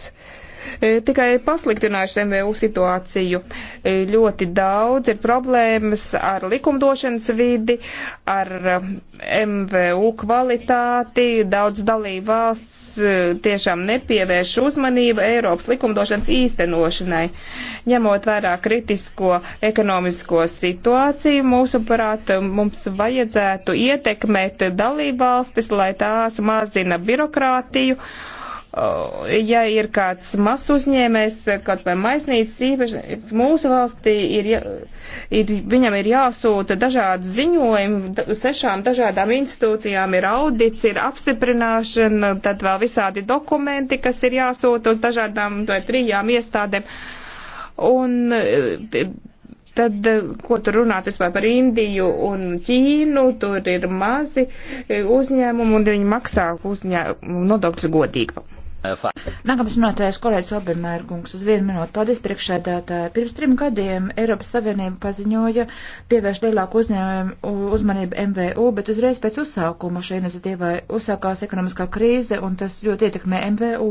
E, tikai pasliktinājuši MVU situāciju. E, ļoti daudz ir problēmas ar likumdošanas vidi, ar MVU um, kvalitāti. Daudz dalību valsts e, tiešām nepievērš uzmanību Eiropas likumdošanas īstenošanai. Ņemot vērā kritisko ekonomisko situāciju, mūsuprāt, mums vajadzētu ietekmēt dalību valstis, lai tās mazina birokrātiju. Uh, ja ir kāds mazs uzņēmējs, kaut vai maisnīcas īpašnieks mūsu valstī, ir, ir, viņam ir jāsūta dažādi ziņojumi, da, sešām dažādām institūcijām ir audits, ir apstiprināšana, tad vēl visādi dokumenti, kas ir jāsūta uz dažādām vai trijām iestādēm. Un e, tad, e, ko tur runāt vispār par Indiju un Ķīnu, tur ir mazi e, uzņēmumi un viņi maksā uzņēmumu nodokļus godīgi. Uh, Nākamais runātājs kolēģis Obermērkungs uz vienu minūti. Paldies priekšēdētāji. Pirms trim gadiem Eiropas Savienība paziņoja pievērst lielāku uzņēmumu uzmanību MVU, bet uzreiz pēc uzsākuma šai iniciatīvai uzsākās ekonomiskā krīze un tas ļoti ietekmē MVU.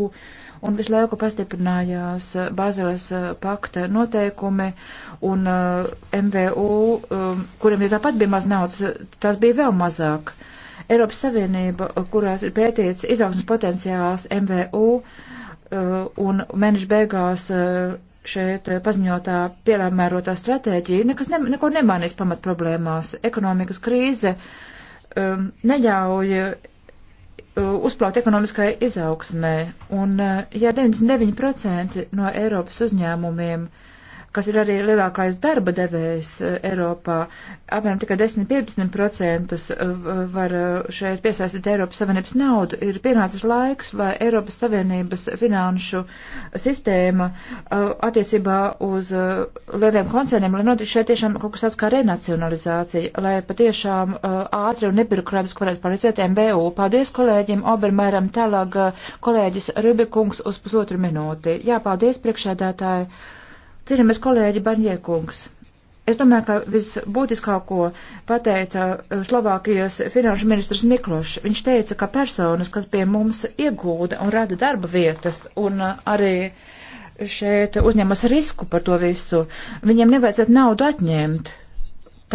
Un visu laiku pastiprinājās Bāzeles uh, pakta noteikumi un uh, MVU, um, kuriem ir tāpat bija maz naudas, tas bija vēl mazāk. Uh, Eiropas Savienība, kurās ir pētīts izaugsmas potenciāls MVU uh, un mēneša beigās uh, šeit paziņotā pielēmērotā stratēģija, nekas ne, neko nemainīs pamat problēmās. Ekonomikas krīze um, neļauj uh, uzplaut ekonomiskai izaugsmē, un ja 99% no Eiropas uzņēmumiem uh, kas ir arī lielākais darba devējs eh, Eiropā. Apmēram tikai 10-15% eh, var eh, šeit piesaistīt Eiropas Savienības naudu. Ir pienācis laiks, lai Eiropas Savienības finanšu sistēma attiecībā uz lieliem koncerniem, lai notiek šeit tiešām kaut kas tāds kā renacionalizācija, lai patiešām ātri un nebirokrātiski varētu palīdzēt MVU. Paldies kolēģiem Obermēram, tālāk kolēģis Rubikungs uz pusotru minūti. Jā, paldies priekšēdētāji. Cienījamies kolēģi Baņiekungs. Es domāju, ka visbūtiskāko pateica eh, Slovākijas finanšu ministrs Miklošs. Viņš teica, ka personas, kas pie mums iegūda un rada darba vietas un eh, arī šeit uzņemas risku par to visu, viņiem nevajadzētu naudu atņemt.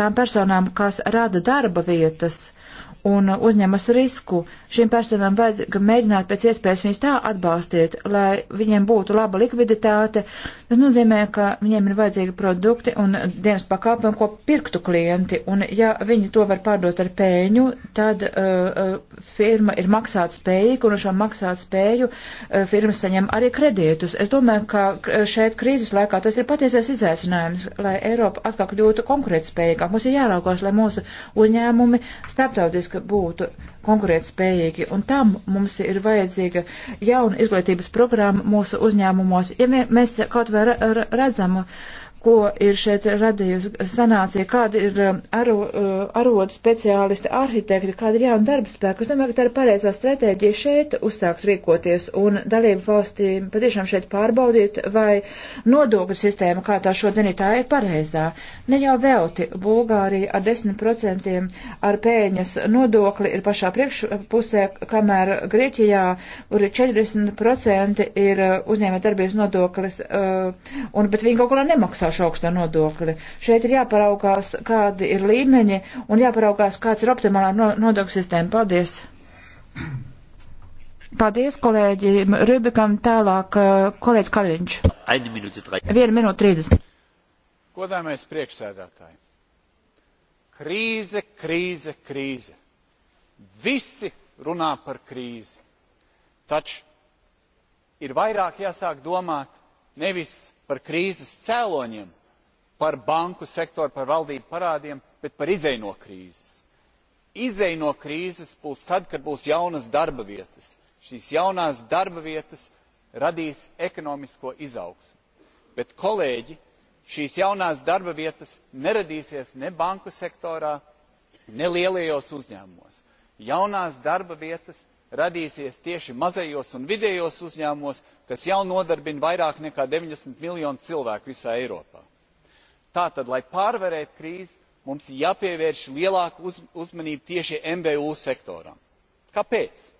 Tām personām, kas rada darba vietas, uh, un uzņemas risku. Šīm personām vajag mēģināt pēc iespējas viņus tā atbalstīt, lai viņiem būtu laba likviditāte. Tas nozīmē, ka viņiem ir vajadzīgi produkti un dienas pakāpojumi, ko pirktu klienti, un ja viņi to var pārdot ar pēļņu, tad uh, uh firma ir maksāt spējīga, un uz šo maksāt spēju uh, firma saņem arī kredītus. Es domāju, ka šeit krīzes laikā tas ir patiesais izaicinājums, lai Eiropa atkal kļūtu konkurētspējīgāk. Mums ir jāraukās, lai mūsu uzņēmumi starptautiski ekonomiski būtu konkurētspējīgi, un tam mums ir vajadzīga jauna izglītības programma mūsu uzņēmumos. Ja mēs kaut vai redzam, uh, ko ir šeit radījusi sanācija, kāda ir um, aro, uh, arodu speciālisti, arhitekti, kāda ir jauna darba spēka. Es domāju, ka tā ir pareizā stratēģija šeit uzsākt rīkoties un dalību valstīm patiešām šeit pārbaudīt, vai nodokļu sistēma, kā tā šodien ir, tā ir pareizā. Ne jau velti Bulgārija ar 10% ar pēļņas nodokli ir pašā priekšpusē, kamēr Grieķijā, kur ir 40% ir uh, uzņēmē darbības nodoklis, uh, un, bet viņi kaut ko nemaksā vienkārši augstā nodokļa. Šeit ir jāparaukās, kādi ir līmeņi un jāparaukās, kāds ir optimālā nodokļa sistēma. Paldies! Paldies kolēģim Rubikam, tālāk eh, kolēģis Kaliņš. 1 minūte 30. Godāmais priekšsēdētāji. Krīze, krīze, krīze. Visi runā par krīzi. Taču ir vairāk jāsāk domāt nevis par krīzes cēloņiem par banku sektoru par valdību parādiem bet par izeju no krīzes. izeja no krīzes būs tad kad būs jaunas darba vietas. šīs jaunās darba vietas radīs ekonomisko izaugsmi bet kolēģi šīs jaunās darba vietas neradīsies ne banku sektorā ne lielajos uzņēmumos. jaunās darba vietas radīsies tieši mazajos un vidējos uzņēmumos kas jau nodarbina vairāk nekā deviņdesmit miljonus cilvēku visā eiropā. tātad lai pārvarētu krīzi mums ir jāpievērš lielāka uzmanība tieši mvu sektoram. kāpēc?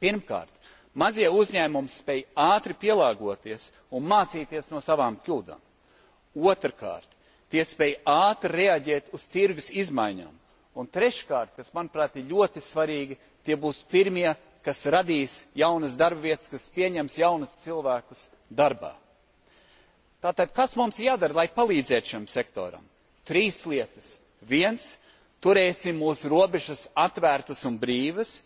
pirmkārt mazie uzņēmumi spēj ātri pielāgoties un mācīties no savām kļūdām. otrkārt tie spēj ātri reaģēt uz tirgus izmaiņām. un treškārt kas manuprāt ir ļoti svarīgi tie būs pirmie kas radīs jaunas darbavietas kas pieņems jaunus cilvēkus darbā. tātad kas mums ir jādara lai palīdzētu šim sektoram? trīs lietas viens turēsim mūsu robežas atvērtas un brīvas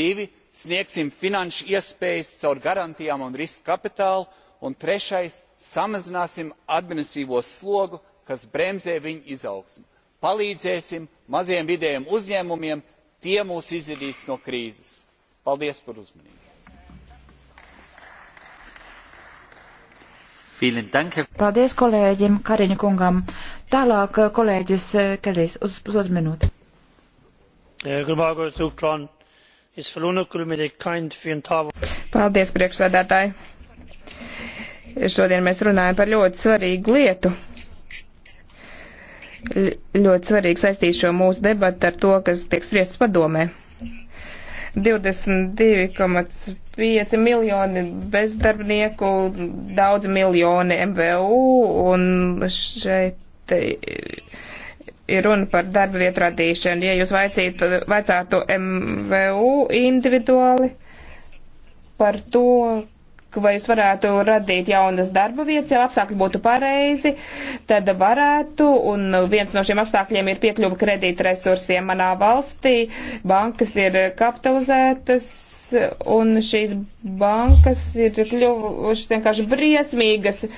divi sniegsim finanšu iespējas caur garantijām un riska kapitālu un trešais samazināsim administratīvo slogu kas bremzē viņu izaugsmi. palīdzēsim maziem un vidējiem uzņēmumiem tie mūs izvedīs no krīzes. Paldies par uzmanību! Paldies kolēģim Kariņa kungam. Tālāk eh, kolēģis eh, Kelijs uz pusotru minūti. Eh, Paldies priekšsēdētāji. Šodien mēs runājam par ļoti svarīgu lietu. Ļ ļoti svarīgi saistīt šo mūsu debatu ar to, kas tiek spriests padomē. 22,5 miljoni bezdarbnieku, daudz miljoni MVU, un šeit ir runa par darba vietu radīšanu. Ja jūs vaicītu, vaicātu MVU individuāli par to, vai jūs varētu radīt jaunas darba vietas, ja apstākļi būtu pareizi, tad varētu, un viens no šiem apstākļiem ir piekļuva kredīt resursiem manā valstī, bankas ir kapitalizētas un šīs bankas ir kļuvušas vienkārši briesmīgas, e,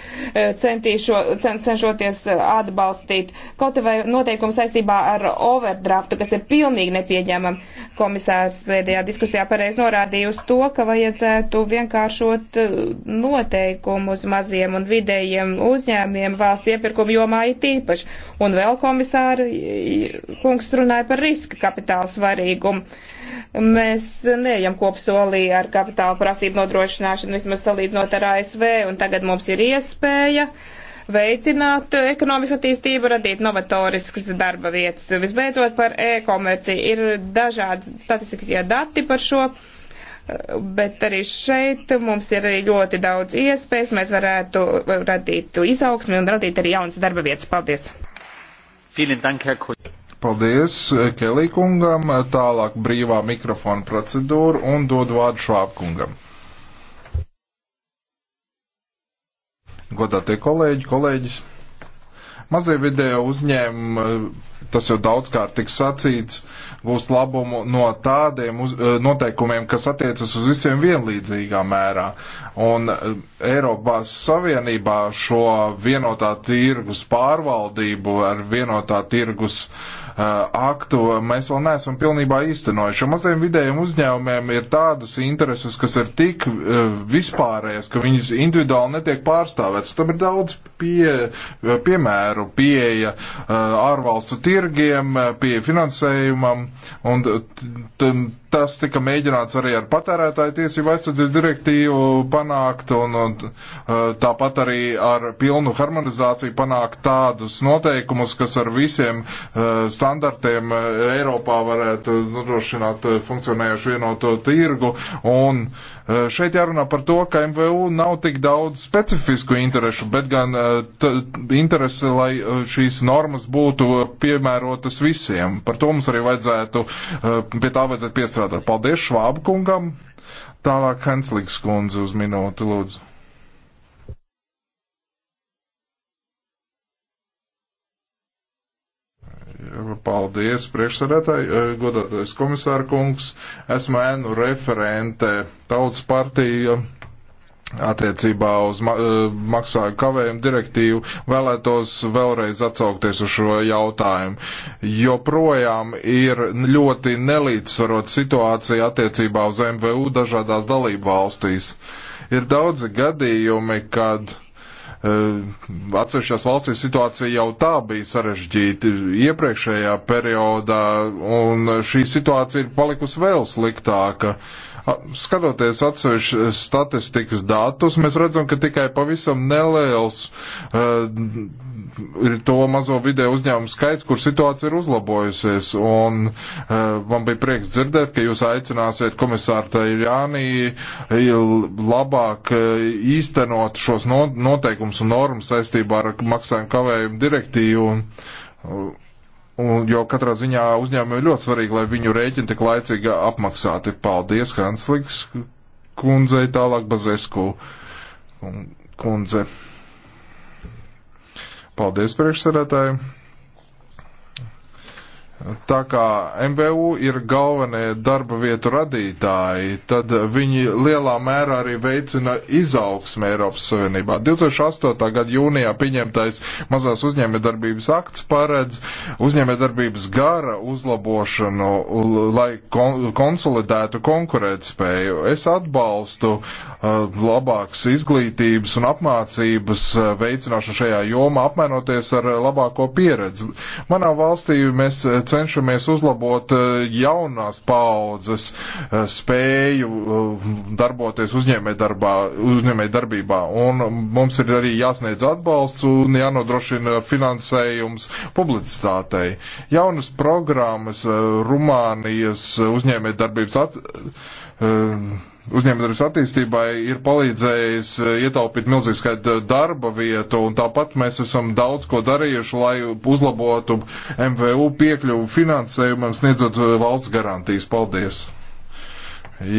centīšo, cen, cenšoties atbalstīt kaut vai noteikumu saistībā ar overdraftu, kas ir pilnīgi nepieņemam. Komisārs pēdējā diskusijā pareiz norādīja uz to, ka vajadzētu vienkāršot e, noteikumus maziem un vidējiem uzņēmiem valsts iepirkumu jomā it īpaši. Un vēl komisāri kungs runāja par riska kapitāla svarīgumu Mēs neejam kopsolī ar kapitāla prasību nodrošināšanu, vismaz salīdzinot ar ASV, un tagad mums ir iespēja veicināt ekonomisku attīstību, radīt novatoriskas darba vietas. Visbeidzot, par e-komerciju ir dažādi statistiskie dati par šo bet arī šeit mums ir arī ļoti daudz iespējas. Mēs varētu radīt izaugsmi un radīt arī jaunas darba vietas. Paldies! Paldies eh, Kelī kungam, eh, tālāk brīvā mikrofona procedūra un dod vārdu Švābkungam. Godātie kolēģi, kolēģis. Mazie video uzņēmumi, eh, tas jau daudzkārt tik sacīts, gūst labumu no tādiem uz, noteikumiem, kas attiecas uz visiem vienlīdzīgā mērā. Un Eiropas Savienībā šo vienotā tirgus pārvaldību ar vienotā tirgus uh, Eh, aktu mēs vēl neesam pilnībā īstenojuši. Maziem vidējiem uzņēmumiem ir tādas intereses, kas ir tik eh, vispārējas, ka viņas individuāli netiek pārstāvētas. Tam ir daudz pie, piemēru pieeja uh, ārvalstu tirgiem, uh, pieeja finansējumam, un tas tika mēģināts arī ar patērētāju tiesību aizsardzību direktīvu panākt, un, un uh, tāpat arī ar pilnu harmonizāciju panākt tādus noteikumus, kas ar visiem standartiem Eiropā varētu nodrošināt funkcionējušu vienoto tirgu, un uh, Šeit jārunā par to, ka MVU nav tik daudz specifisku interesu, bet gan interese, lai šīs normas būtu piemērotas visiem. Par to mums arī vajadzētu, pie tā vajadzētu piestrādāt. Paldies Švābu kungam. Tālāk Henslīgs kundze uz minūti, lūdzu. Paldies, priekšsarētāji, eh, godātais komisāra kungs. Esmu ēnu referente Tautas partija attiecībā uz ma eh, maksāju kavējumu direktīvu. Vēlētos vēlreiz atsaukties uz šo jautājumu. Joprojām ir ļoti nelīdzsvarot situācija attiecībā uz MVU dažādās dalību valstīs. Ir daudzi gadījumi, kad Atsevišķās valstīs situācija jau tā bija sarežģīta iepriekšējā periodā, un šī situācija ir palikusi vēl sliktāka. Uh, Skatoties atsevišķu statistikas datus, mēs redzam, ka tikai pavisam neliels uh, ir to mazo video uzņēmumu skaits, kur situācija ir uzlabojusies. Un uh, man bija prieks dzirdēt, ka jūs aicināsiet komisāru Tajānī e, labāk uh, īstenot šos no, noteikumus un normas saistībā ar maksājumu kavējumu direktīvu. Un, uh, Un, jo katrā ziņā uzņēmumiem ir ļoti svarīgi, lai viņu rēķini tik laicīgi apmaksāti. Paldies, Hanslīgs kundzei, tālāk Bazesku kundze. Paldies, priekšsarētāji! Tā kā MBU ir galvenie darba vietu radītāji, tad viņi lielā mērā arī veicina izaugsmu Eiropas Savienībā. 2008. gada jūnijā pieņemtais mazās uzņēmējdarbības akts paredz uzņēmējdarbības gara uzlabošanu, lai kon konsolidētu konkurētspēju. Es atbalstu uh, labākas izglītības un apmācības uh, veicināšanu šajā jomā, apmainoties ar uh, labāko pieredzi. Manā valstī mēs uh, cenšamies uzlabot eh, jaunās paaudzes eh, spēju eh, darboties uzņēmē darbībā. Un mums ir arī jāsniedz atbalsts un jānodrošina finansējums publicitātei. Jaunas programmas Rumānijas uzņēmē darbības at, uzņēmējdarbības attīstībai ir palīdzējis eh, ietaupīt milzīgu skaitu darba vietu, un tāpat mēs esam daudz ko darījuši, lai uzlabotu MVU piekļuvu finansējumam, sniedzot eh, valsts garantijas. Paldies!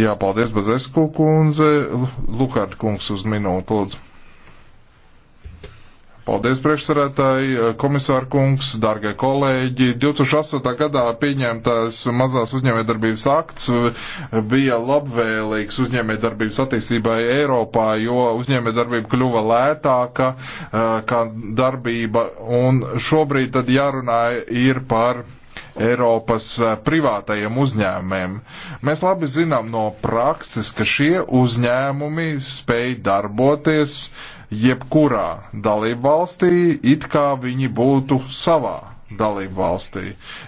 Jā, paldies Bazesku kundze, Lukārd kungs uz minūtu, lūdzu. Paldies, priekšsarētāji, komisāra kungs, dārgie kolēģi. 2008. gadā pieņemtās mazās uzņēmējdarbības akts bija labvēlīgs uzņēmējdarbības attīstībai Eiropā, jo uzņēmējdarbība kļuva lētāka eh, kā darbība. Un šobrīd tad jārunā ir par Eiropas eh, privātajiem uzņēmumiem. Mēs labi zinām no prakses, ka šie uzņēmumi spēj darboties jebkurā dalību valstī, it kā viņi būtu savā dalību valstī.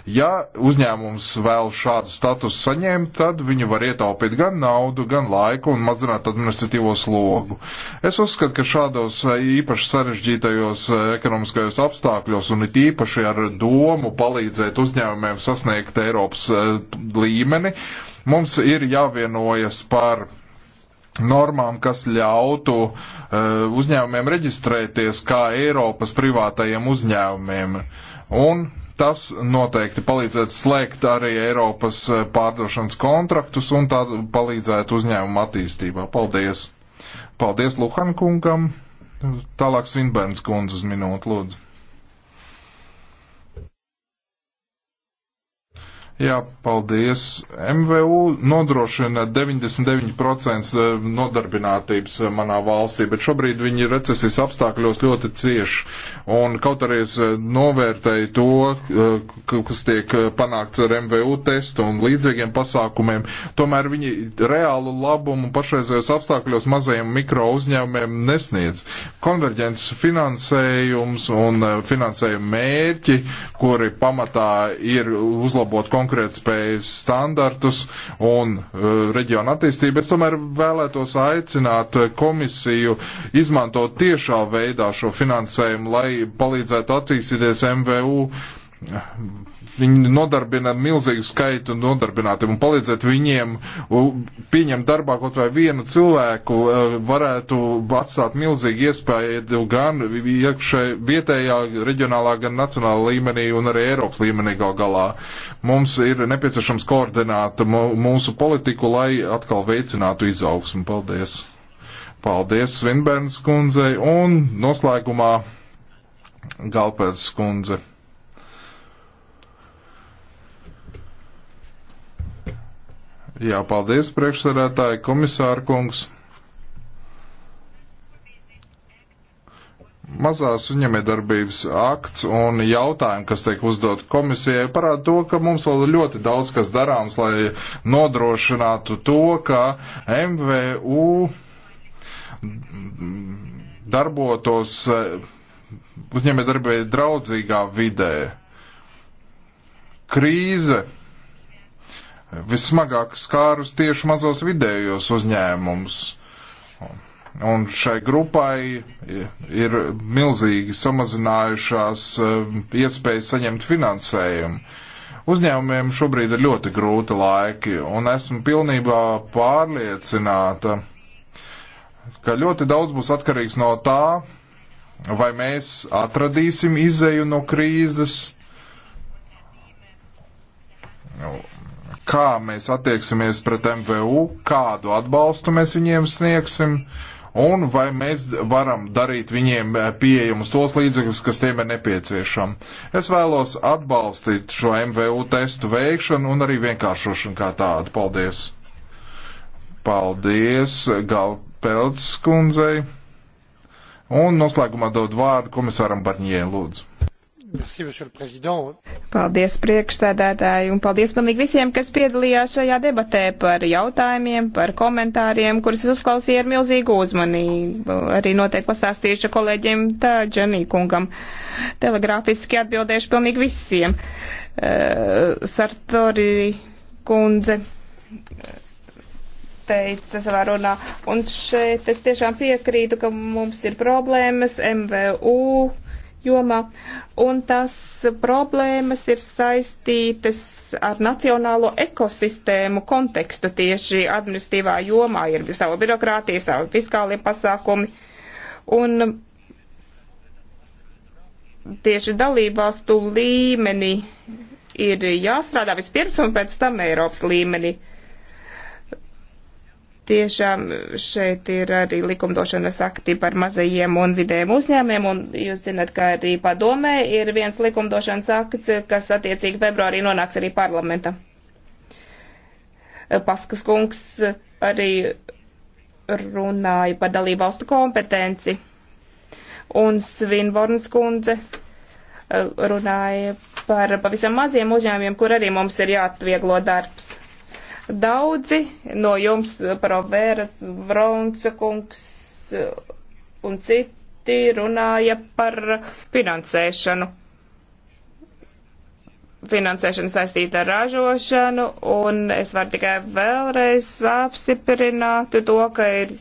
Ja uzņēmums vēl šādu statusu saņemt, tad viņi var ietaupīt gan naudu, gan laiku un mazināt administratīvo slogu. Es uzskatu, ka šādos īpaši sarežģītajos ekonomiskajos apstākļos un it īpaši ar domu palīdzēt uzņēmumiem sasniegt Eiropas eh, līmeni, mums ir jāvienojas par normām, kas ļautu uh, uzņēmumiem reģistrēties kā Eiropas privātajiem uzņēmumiem. Uh, Un tas noteikti palīdzētu slēgt arī Eiropas eh, pārdošanas kontraktus un tā palīdzētu uzņēmumu attīstībā. Paldies! Paldies Luhan kungam! Tālāk Svinbērns kundze uz minūtu lūdzu. Jā, paldies. MVU nodrošina 99% eh, nodarbinātības eh, manā valstī, bet šobrīd viņi ir recesijas apstākļos ļoti cieši. Un kaut arī es eh, novērtēju to, kas tiek panākts ar MVU testu un līdzīgiem pasākumiem, tomēr viņi reālu labumu pašreizējos apstākļos mazajiem mikro uzņēmumiem nesniedz. Konverģences finansējums un finansējuma mērķi, kuri pamatā ir uzlabot konkurences, konkurētspējas standartus un e, reģionu attīstību. Es tomēr vēlētos aicināt e, komisiju izmantot tiešā veidā šo finansējumu, lai palīdzētu attīstīties MVU Viņi nodarbina milzīgu skaitu nodarbinātiem un palīdzēt viņiem pieņemt darbā kaut vai vienu cilvēku e, varētu atstāt milzīgu iespēju gan iekšē vietējā, reģionālā, gan nacionālā līmenī un arī Eiropas līmenī gal galā. Mums ir nepieciešams koordināt mūsu politiku, lai atkal veicinātu izaugsmu. Paldies! Paldies Svinbērns kundzei un noslēgumā Galpēns kundze. Jā, paldies, priekšsarētāji, komisāra kungs. Mazās uzņēmējdarbības akts un jautājumi, kas tiek uzdot komisijai, parāda to, ka mums vēl ir ļoti daudz kas darāms, lai nodrošinātu to, ka MVU darbotos eh, uzņēmējdarbībai draudzīgā vidē. Krīze vismagāk skārus tieši mazos vidējos uzņēmumus. Un šai grupai ir milzīgi samazinājušās eh, iespējas saņemt finansējumu. Uzņēmumiem šobrīd ir ļoti grūti laiki, un esmu pilnībā pārliecināta, ka ļoti daudz būs atkarīgs no tā, vai mēs atradīsim izēju no krīzes kā mēs attieksimies pret MVU, kādu atbalstu mēs viņiem sniegsim un vai mēs varam darīt viņiem eh, pieejamus tos līdzekļus, kas tiem ir nepieciešami. Es vēlos atbalstīt šo MVU testu veikšanu un arī vienkāršošanu kā tādu. Paldies! Paldies Galpelts kundzei! Un noslēgumā dod vārdu komisāram Barņē, lūdzu. Paldies priekšsēdētāji un paldies pilnīgi visiem, kas piedalījās šajā debatē par jautājumiem, par komentāriem, kurus es uzklausīju ar milzīgu uzmanību. Arī noteikti pastāstīšu kolēģiem tā Džanīkungam. Telegrāfiski atbildēšu pilnīgi visiem. Uh, Sartori kundze teica savā runā. Un šeit es tiešām piekrītu, ka mums ir problēmas MVU jomā, un tās problēmas ir saistītas ar nacionālo ekosistēmu kontekstu tieši administratīvā jomā. Ir sava birokrātija, savi fiskālie pasākumi, un tieši dalībvalstu līmeni ir jāstrādā vispirms un pēc tam Eiropas līmeni. Uh, tiešām šeit ir arī likumdošanas akti par mazajiem un vidējiem uzņēmiem, un jūs zināt, ka arī padomē ir viens likumdošanas akts, kas attiecīgi februārī nonāks arī parlamenta. Paskas kungs arī runāja par dalību valstu kompetenci, un Svinbornas kundze eh, runāja par pavisam maziem uzņēmiem, kur arī mums ir jāatvieglo darbs Daudzi no jums, Proveras, Vronsa kungs un citi runāja par finansēšanu. Finansēšana saistīta ar ražošanu, un es varu tikai vēlreiz apstiprināt to, ka ir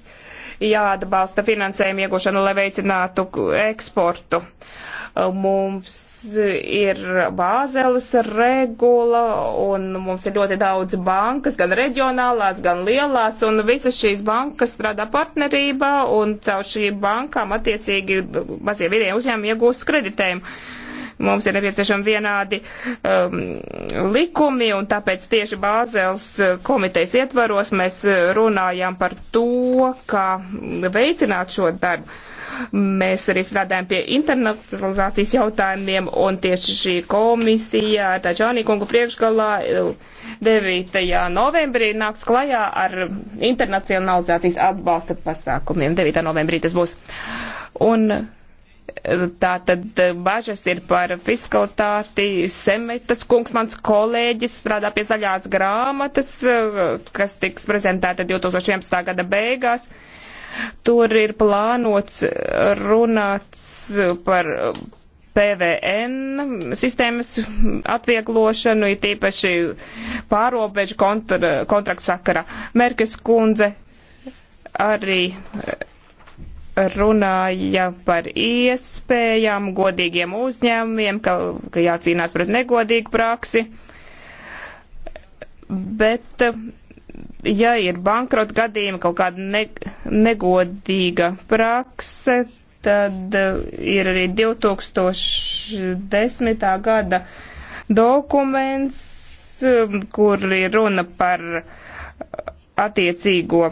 jāatbalsta finansējuma iegūšana, lai veicinātu eksportu. Uh, Mums ir bāzeles regula un mums ir ļoti daudz bankas, gan reģionālās, gan lielās, un visas šīs bankas strādā partnerībā un caur šīm bankām attiecīgi mazie vidēji uzņēmumi iegūst kreditējumu mums ir nepieciešami vienādi um, likumi, un tāpēc tieši Bāzels uh, komitejas ietvaros mēs uh, runājām par to, kā veicināt šo darbu. Mēs arī strādājam pie internacionalizācijas jautājumiem, un tieši šī komisija, tā Čānīkungu priekšgalā, 9. novembrī nāks klajā ar internacionalizācijas atbalsta pasākumiem. 9. novembrī tas būs. Un eh, Tā tad eh, bažas ir par fiskalitāti. Semetas kungs, mans kolēģis, strādā pie zaļās grāmatas, eh, kas tiks prezentēta 2011. gada beigās. Tur ir plānots runāts par PVN sistēmas atvieglošanu, ir tīpaši pārobežu kontra, kontraktu sakara. Merkes kundze arī runāja par iespējām godīgiem uzņēmumiem, ka, ka jācīnās pret negodīgu praksi. Bet ja ir bankrota gadījumi, kaut kāda ne, negodīga prakse, tad eh, ir arī 2010. gada dokuments, eh, kur ir runa par attiecīgo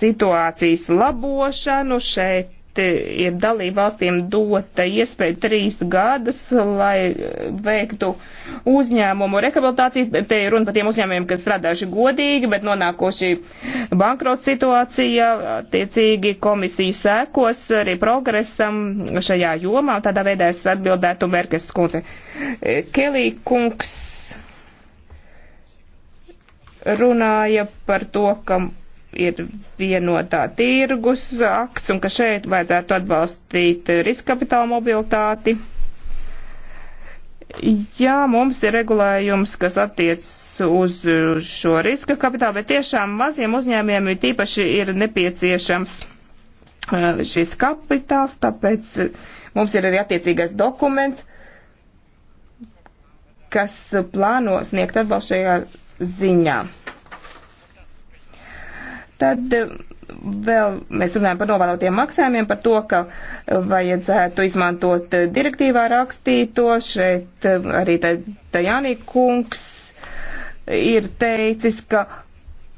situācijas labošanu. Šeit ir dalību valstīm dota iespēja trīs gadus, lai veiktu uzņēmumu rekabilitāciju. Te ir runa par tiem uzņēmumiem, kas strādājuši godīgi, bet nonākoši bankrota situācijā. Tiecīgi komisija sēkos arī progresam šajā jomā. Tādā veidā es atbildētu Merkes skundze. Kelī kungs runāja par to, ka ir vienotā tirgus akts un ka šeit vajadzētu atbalstīt riskapitāla mobilitāti. Jā, mums ir regulējums, kas attiec uz šo riska kapitālu, bet tiešām maziem uzņēmiem ir tīpaši ir nepieciešams uh, šis kapitāls, tāpēc uh, mums ir arī attiecīgais dokuments, kas plāno sniegt atbalstu šajā ziņā. Tad eh, vēl mēs runājam par novēlotiem maksājumiem, par to, ka eh, vajadzētu izmantot eh, direktīvā rakstīto. Šeit arī Tajānī kungs ir teicis, ka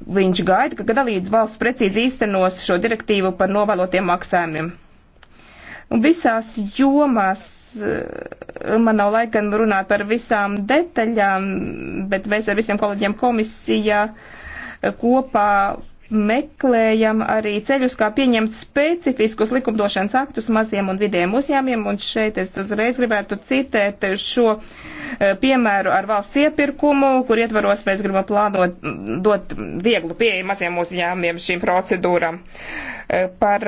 viņš gaida, ka gadalīdz valsts precīzi īstenos šo direktīvu par novēlotiem maksājumiem. Un visās jomās man nav laika runāt par visām detaļām, bet mēs ar visiem kolēģiem komisijā kopā meklējam arī ceļus, kā pieņemt specifiskus likumdošanas aktus maziem un vidējiem uzņēmiem, un šeit es uzreiz gribētu citēt šo eh, piemēru ar valsts iepirkumu, kur ietvaros mēs gribam plānot, dot vieglu pieeju maziem uzņēmiem šīm procedūram. Eh, par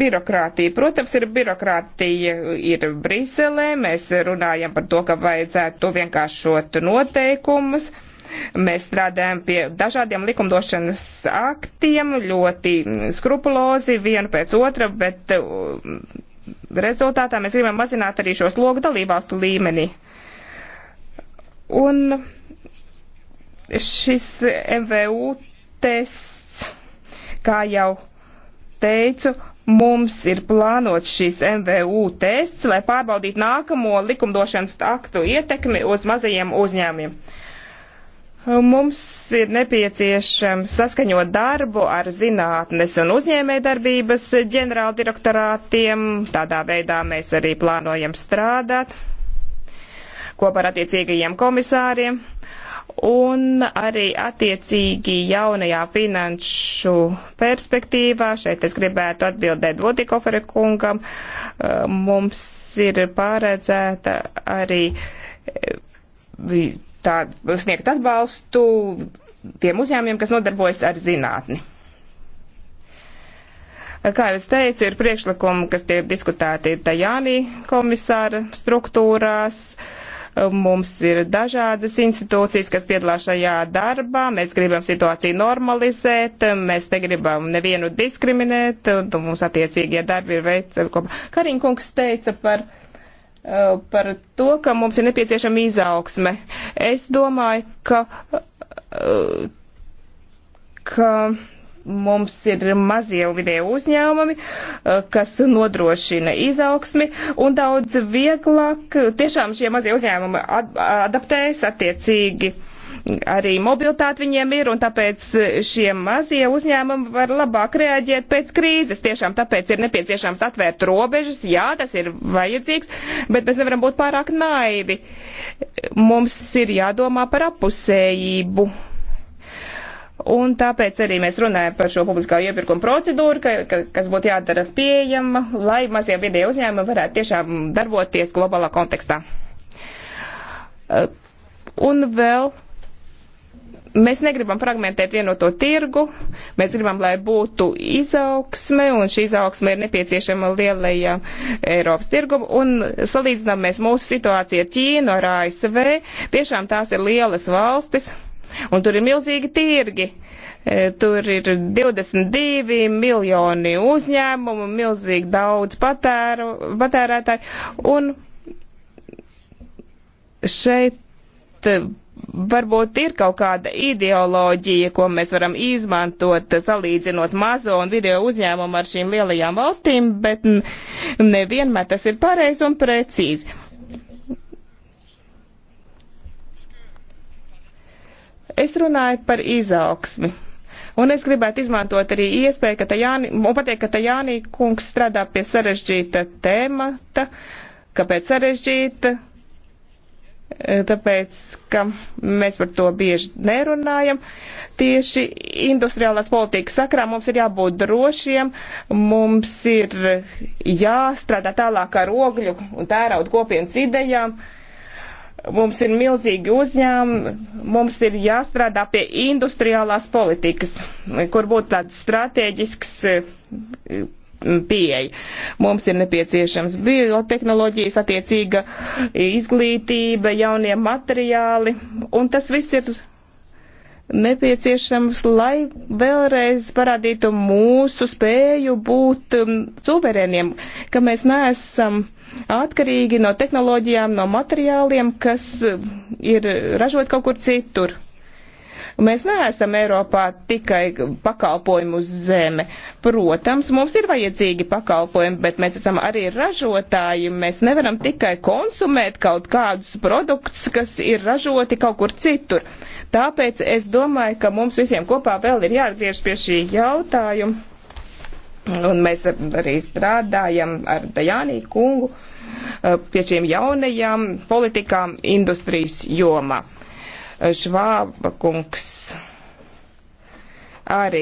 birokrātija. Protams, ir birokrātija, ir Briselē, mēs runājam par to, ka vajadzētu vienkāršot noteikumus. Uh, Mēs strādājam pie dažādiem likumdošanas aktiem ļoti skrupulozi, vienu pēc otra, bet uh, rezultātā mēs gribam mazināt arī šo slogu dalībvalstu līmeni. Un šis MVU tests, kā jau teicu, mums ir plānots šis MVU tests, lai pārbaudītu nākamo likumdošanas aktu ietekmi uz mazajiem uzņēmumiem. Mums ir nepieciešams saskaņot darbu ar zinātnes un uzņēmējdarbības ģenerāldirektorātiem. Tādā veidā mēs arī plānojam strādāt kopā ar attiecīgajiem komisāriem. Un arī attiecīgi jaunajā finanšu perspektīvā, šeit es gribētu atbildēt Vodikofere kungam, mums ir paredzēta arī tā, sniegt atbalstu tiem uzņēmumiem, kas nodarbojas ar zinātni. Kā jau es teicu, ir priekšlikumi, kas tiek diskutēti Tajānī komisāra struktūrās. Mums ir dažādas institūcijas, kas piedalās šajā darbā. Mēs gribam situāciju normalizēt, mēs negribam nevienu diskriminēt, un mums attiecīgie darbi ir veids, ko Kariņkungs teica par uh, Eh, par to, ka mums ir nepieciešama izaugsme. Es domāju, ka, eh, ka mums ir mazie un vidēji uzņēmumi, eh, kas nodrošina izaugsmi, un daudz vieglāk tiešām šie mazie uzņēmumi adaptējas attiecīgi arī mobilitāte viņiem ir, un tāpēc eh, šie mazie uzņēmumi var labāk reaģēt pēc krīzes. Tiešām tāpēc ir nepieciešams atvērt robežas, jā, tas ir vajadzīgs, bet mēs nevaram būt pārāk naivi. Mums ir jādomā par apusējību. Un tāpēc arī mēs runājam par šo publiskā iepirkuma procedūru, ka, ka, kas būtu jādara pieejama, lai mazie vidēji uzņēmumi varētu tiešām darboties globālā kontekstā. Eh, un vēl Mēs negribam fragmentēt vienoto no tirgu, mēs gribam, lai būtu izaugsme, un šī izaugsme ir nepieciešama lielajam Eiropas tirgum, un salīdzinām mēs mūsu situāciju ar Ķīnu, ar ASV, tiešām tās ir lielas valstis, un tur ir milzīgi tirgi. E, tur ir 22 miljoni uzņēmumu, milzīgi daudz patēru, patērētāju, un šeit varbūt ir kaut kāda ideoloģija, ko mēs varam izmantot, salīdzinot mazo un video uzņēmumu ar šīm lielajām valstīm, bet nevienmēr tas ir pareizi un precīzi. Es runāju par izaugsmi. Un es gribētu izmantot arī iespēju, ka Tajāni, un pateikt, ka Tajāni kungs strādā pie sarežģīta tēmata, kāpēc sarežģīta, Eh, tāpēc, ka mēs par to bieži nerunājam. Tieši industriālās politikas sakrā mums ir jābūt drošiem, mums ir jāstrādā tālāk ar ogļu un tērauda kopienas idejām. Mums ir milzīgi uzņēmumi, mums ir jāstrādā pie industriālās politikas, kur būtu tāds strateģisks eh, pieeja. Mums ir nepieciešams biotehnoloģijas, attiecīga izglītība, jaunie materiāli, un tas viss ir nepieciešams, lai vēlreiz parādītu mūsu spēju būt um, suverēniem, ka mēs neesam atkarīgi no tehnoloģijām, no materiāliem, kas um, ir ražot kaut kur citur. Mēs neesam Eiropā tikai pakalpojumu uz zeme. Protams, mums ir vajadzīgi pakalpojumi, bet mēs esam arī ražotāji. Mēs nevaram tikai konsumēt kaut kādus produktus, kas ir ražoti kaut kur citur. Tāpēc es domāju, ka mums visiem kopā vēl ir jāatgriež pie šī jautājuma. Un mēs arī strādājam ar Dajānī kungu uh, pie šīm jaunajām politikām industrijas jomā. Švāba kungs arī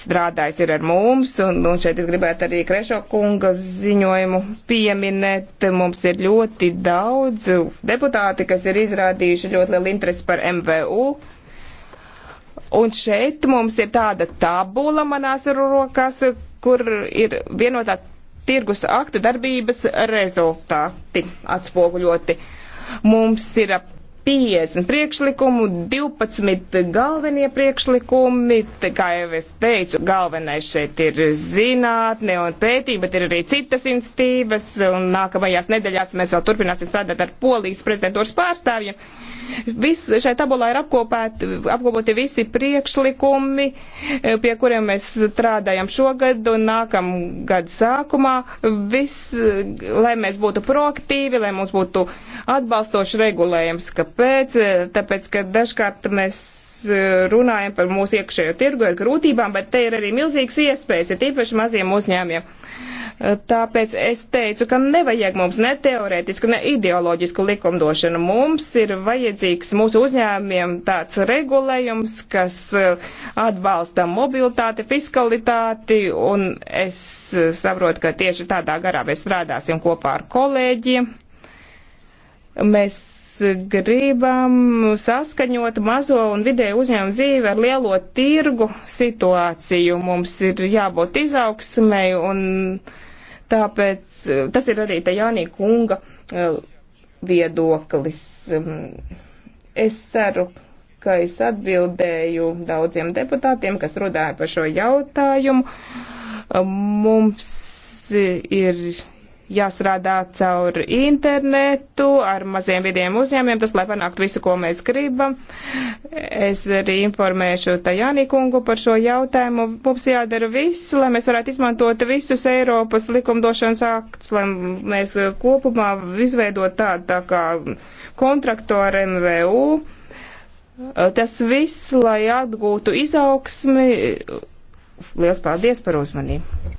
strādājis ir ar mums, un, un šeit es gribētu arī Krešo kunga ziņojumu pieminēt. Mums ir ļoti daudz deputāti, kas ir izrādījuši ļoti lielu interesi par MVU. Un šeit mums ir tāda tabula manās rokās, kur ir vienotā tirgus akta darbības rezultāti atspoguļoti. Mums ir ap 50 priekšlikumu, 12 galvenie priekšlikumi. Kā jau es teicu, galvenais šeit ir zinātne un pētījumi, bet ir arī citas institīvas. Un nākamajās nedēļās mēs vēl turpināsim strādāt ar polijas prezidentūras pārstāvjiem Vis, šai tabulā ir apkopēti, apkopoti visi priekšlikumi, eh, pie kuriem mēs strādājam šogad un nākam gadu sākumā. Viss, eh, lai mēs būtu proaktīvi, lai mums būtu atbalstoši regulējums. Kāpēc? Eh, tāpēc, ka dažkārt mēs runājam par mūsu iekšējo tirgu ar grūtībām, bet te ir arī milzīgas iespējas, ir ja tīpaši maziem uzņēmiem. Uh, Tāpēc es teicu, ka nevajag mums ne teorētisku, ne ideoloģisku likumdošanu. Mums ir vajadzīgs mūsu uzņēmiem tāds regulējums, kas eh, atbalsta mobilitāti, fiskalitāti, un es eh, saprotu, ka tieši tādā garā mēs strādāsim kopā ar kolēģiem. Mēs gribam saskaņot mazo un vidēju uzņēmumu dzīvi ar lielo tirgu situāciju. Mums ir jābūt izaugsmēji un uh, Tāpēc eh, tas ir arī te Jānī Kunga eh, viedoklis. Es ceru, ka es atbildēju daudziem deputātiem, kas runāja par šo jautājumu. Mums ir jāstrādā caur internetu, ar maziem vidiem uzņēmiem, tas, lai panāktu visu, ko mēs gribam. Es arī informēšu Tajānī kungu par šo jautājumu. Mums jādara viss, lai mēs varētu izmantot visus Eiropas likumdošanas aktus, lai mēs kopumā izveidot tādu tā kā kontraktu ar MVU. Tas viss, lai atgūtu izaugsmi. Lielas paldies par uzmanību!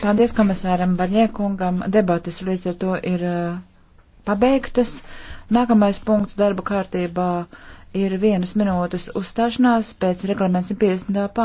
Paldies komisāram Barņiekungam. Debates līdz ar to ir uh, pabeigtas. Nākamais punkts darba kārtībā ir vienas minūtes uzstāšanās pēc reglaments 50. pāns.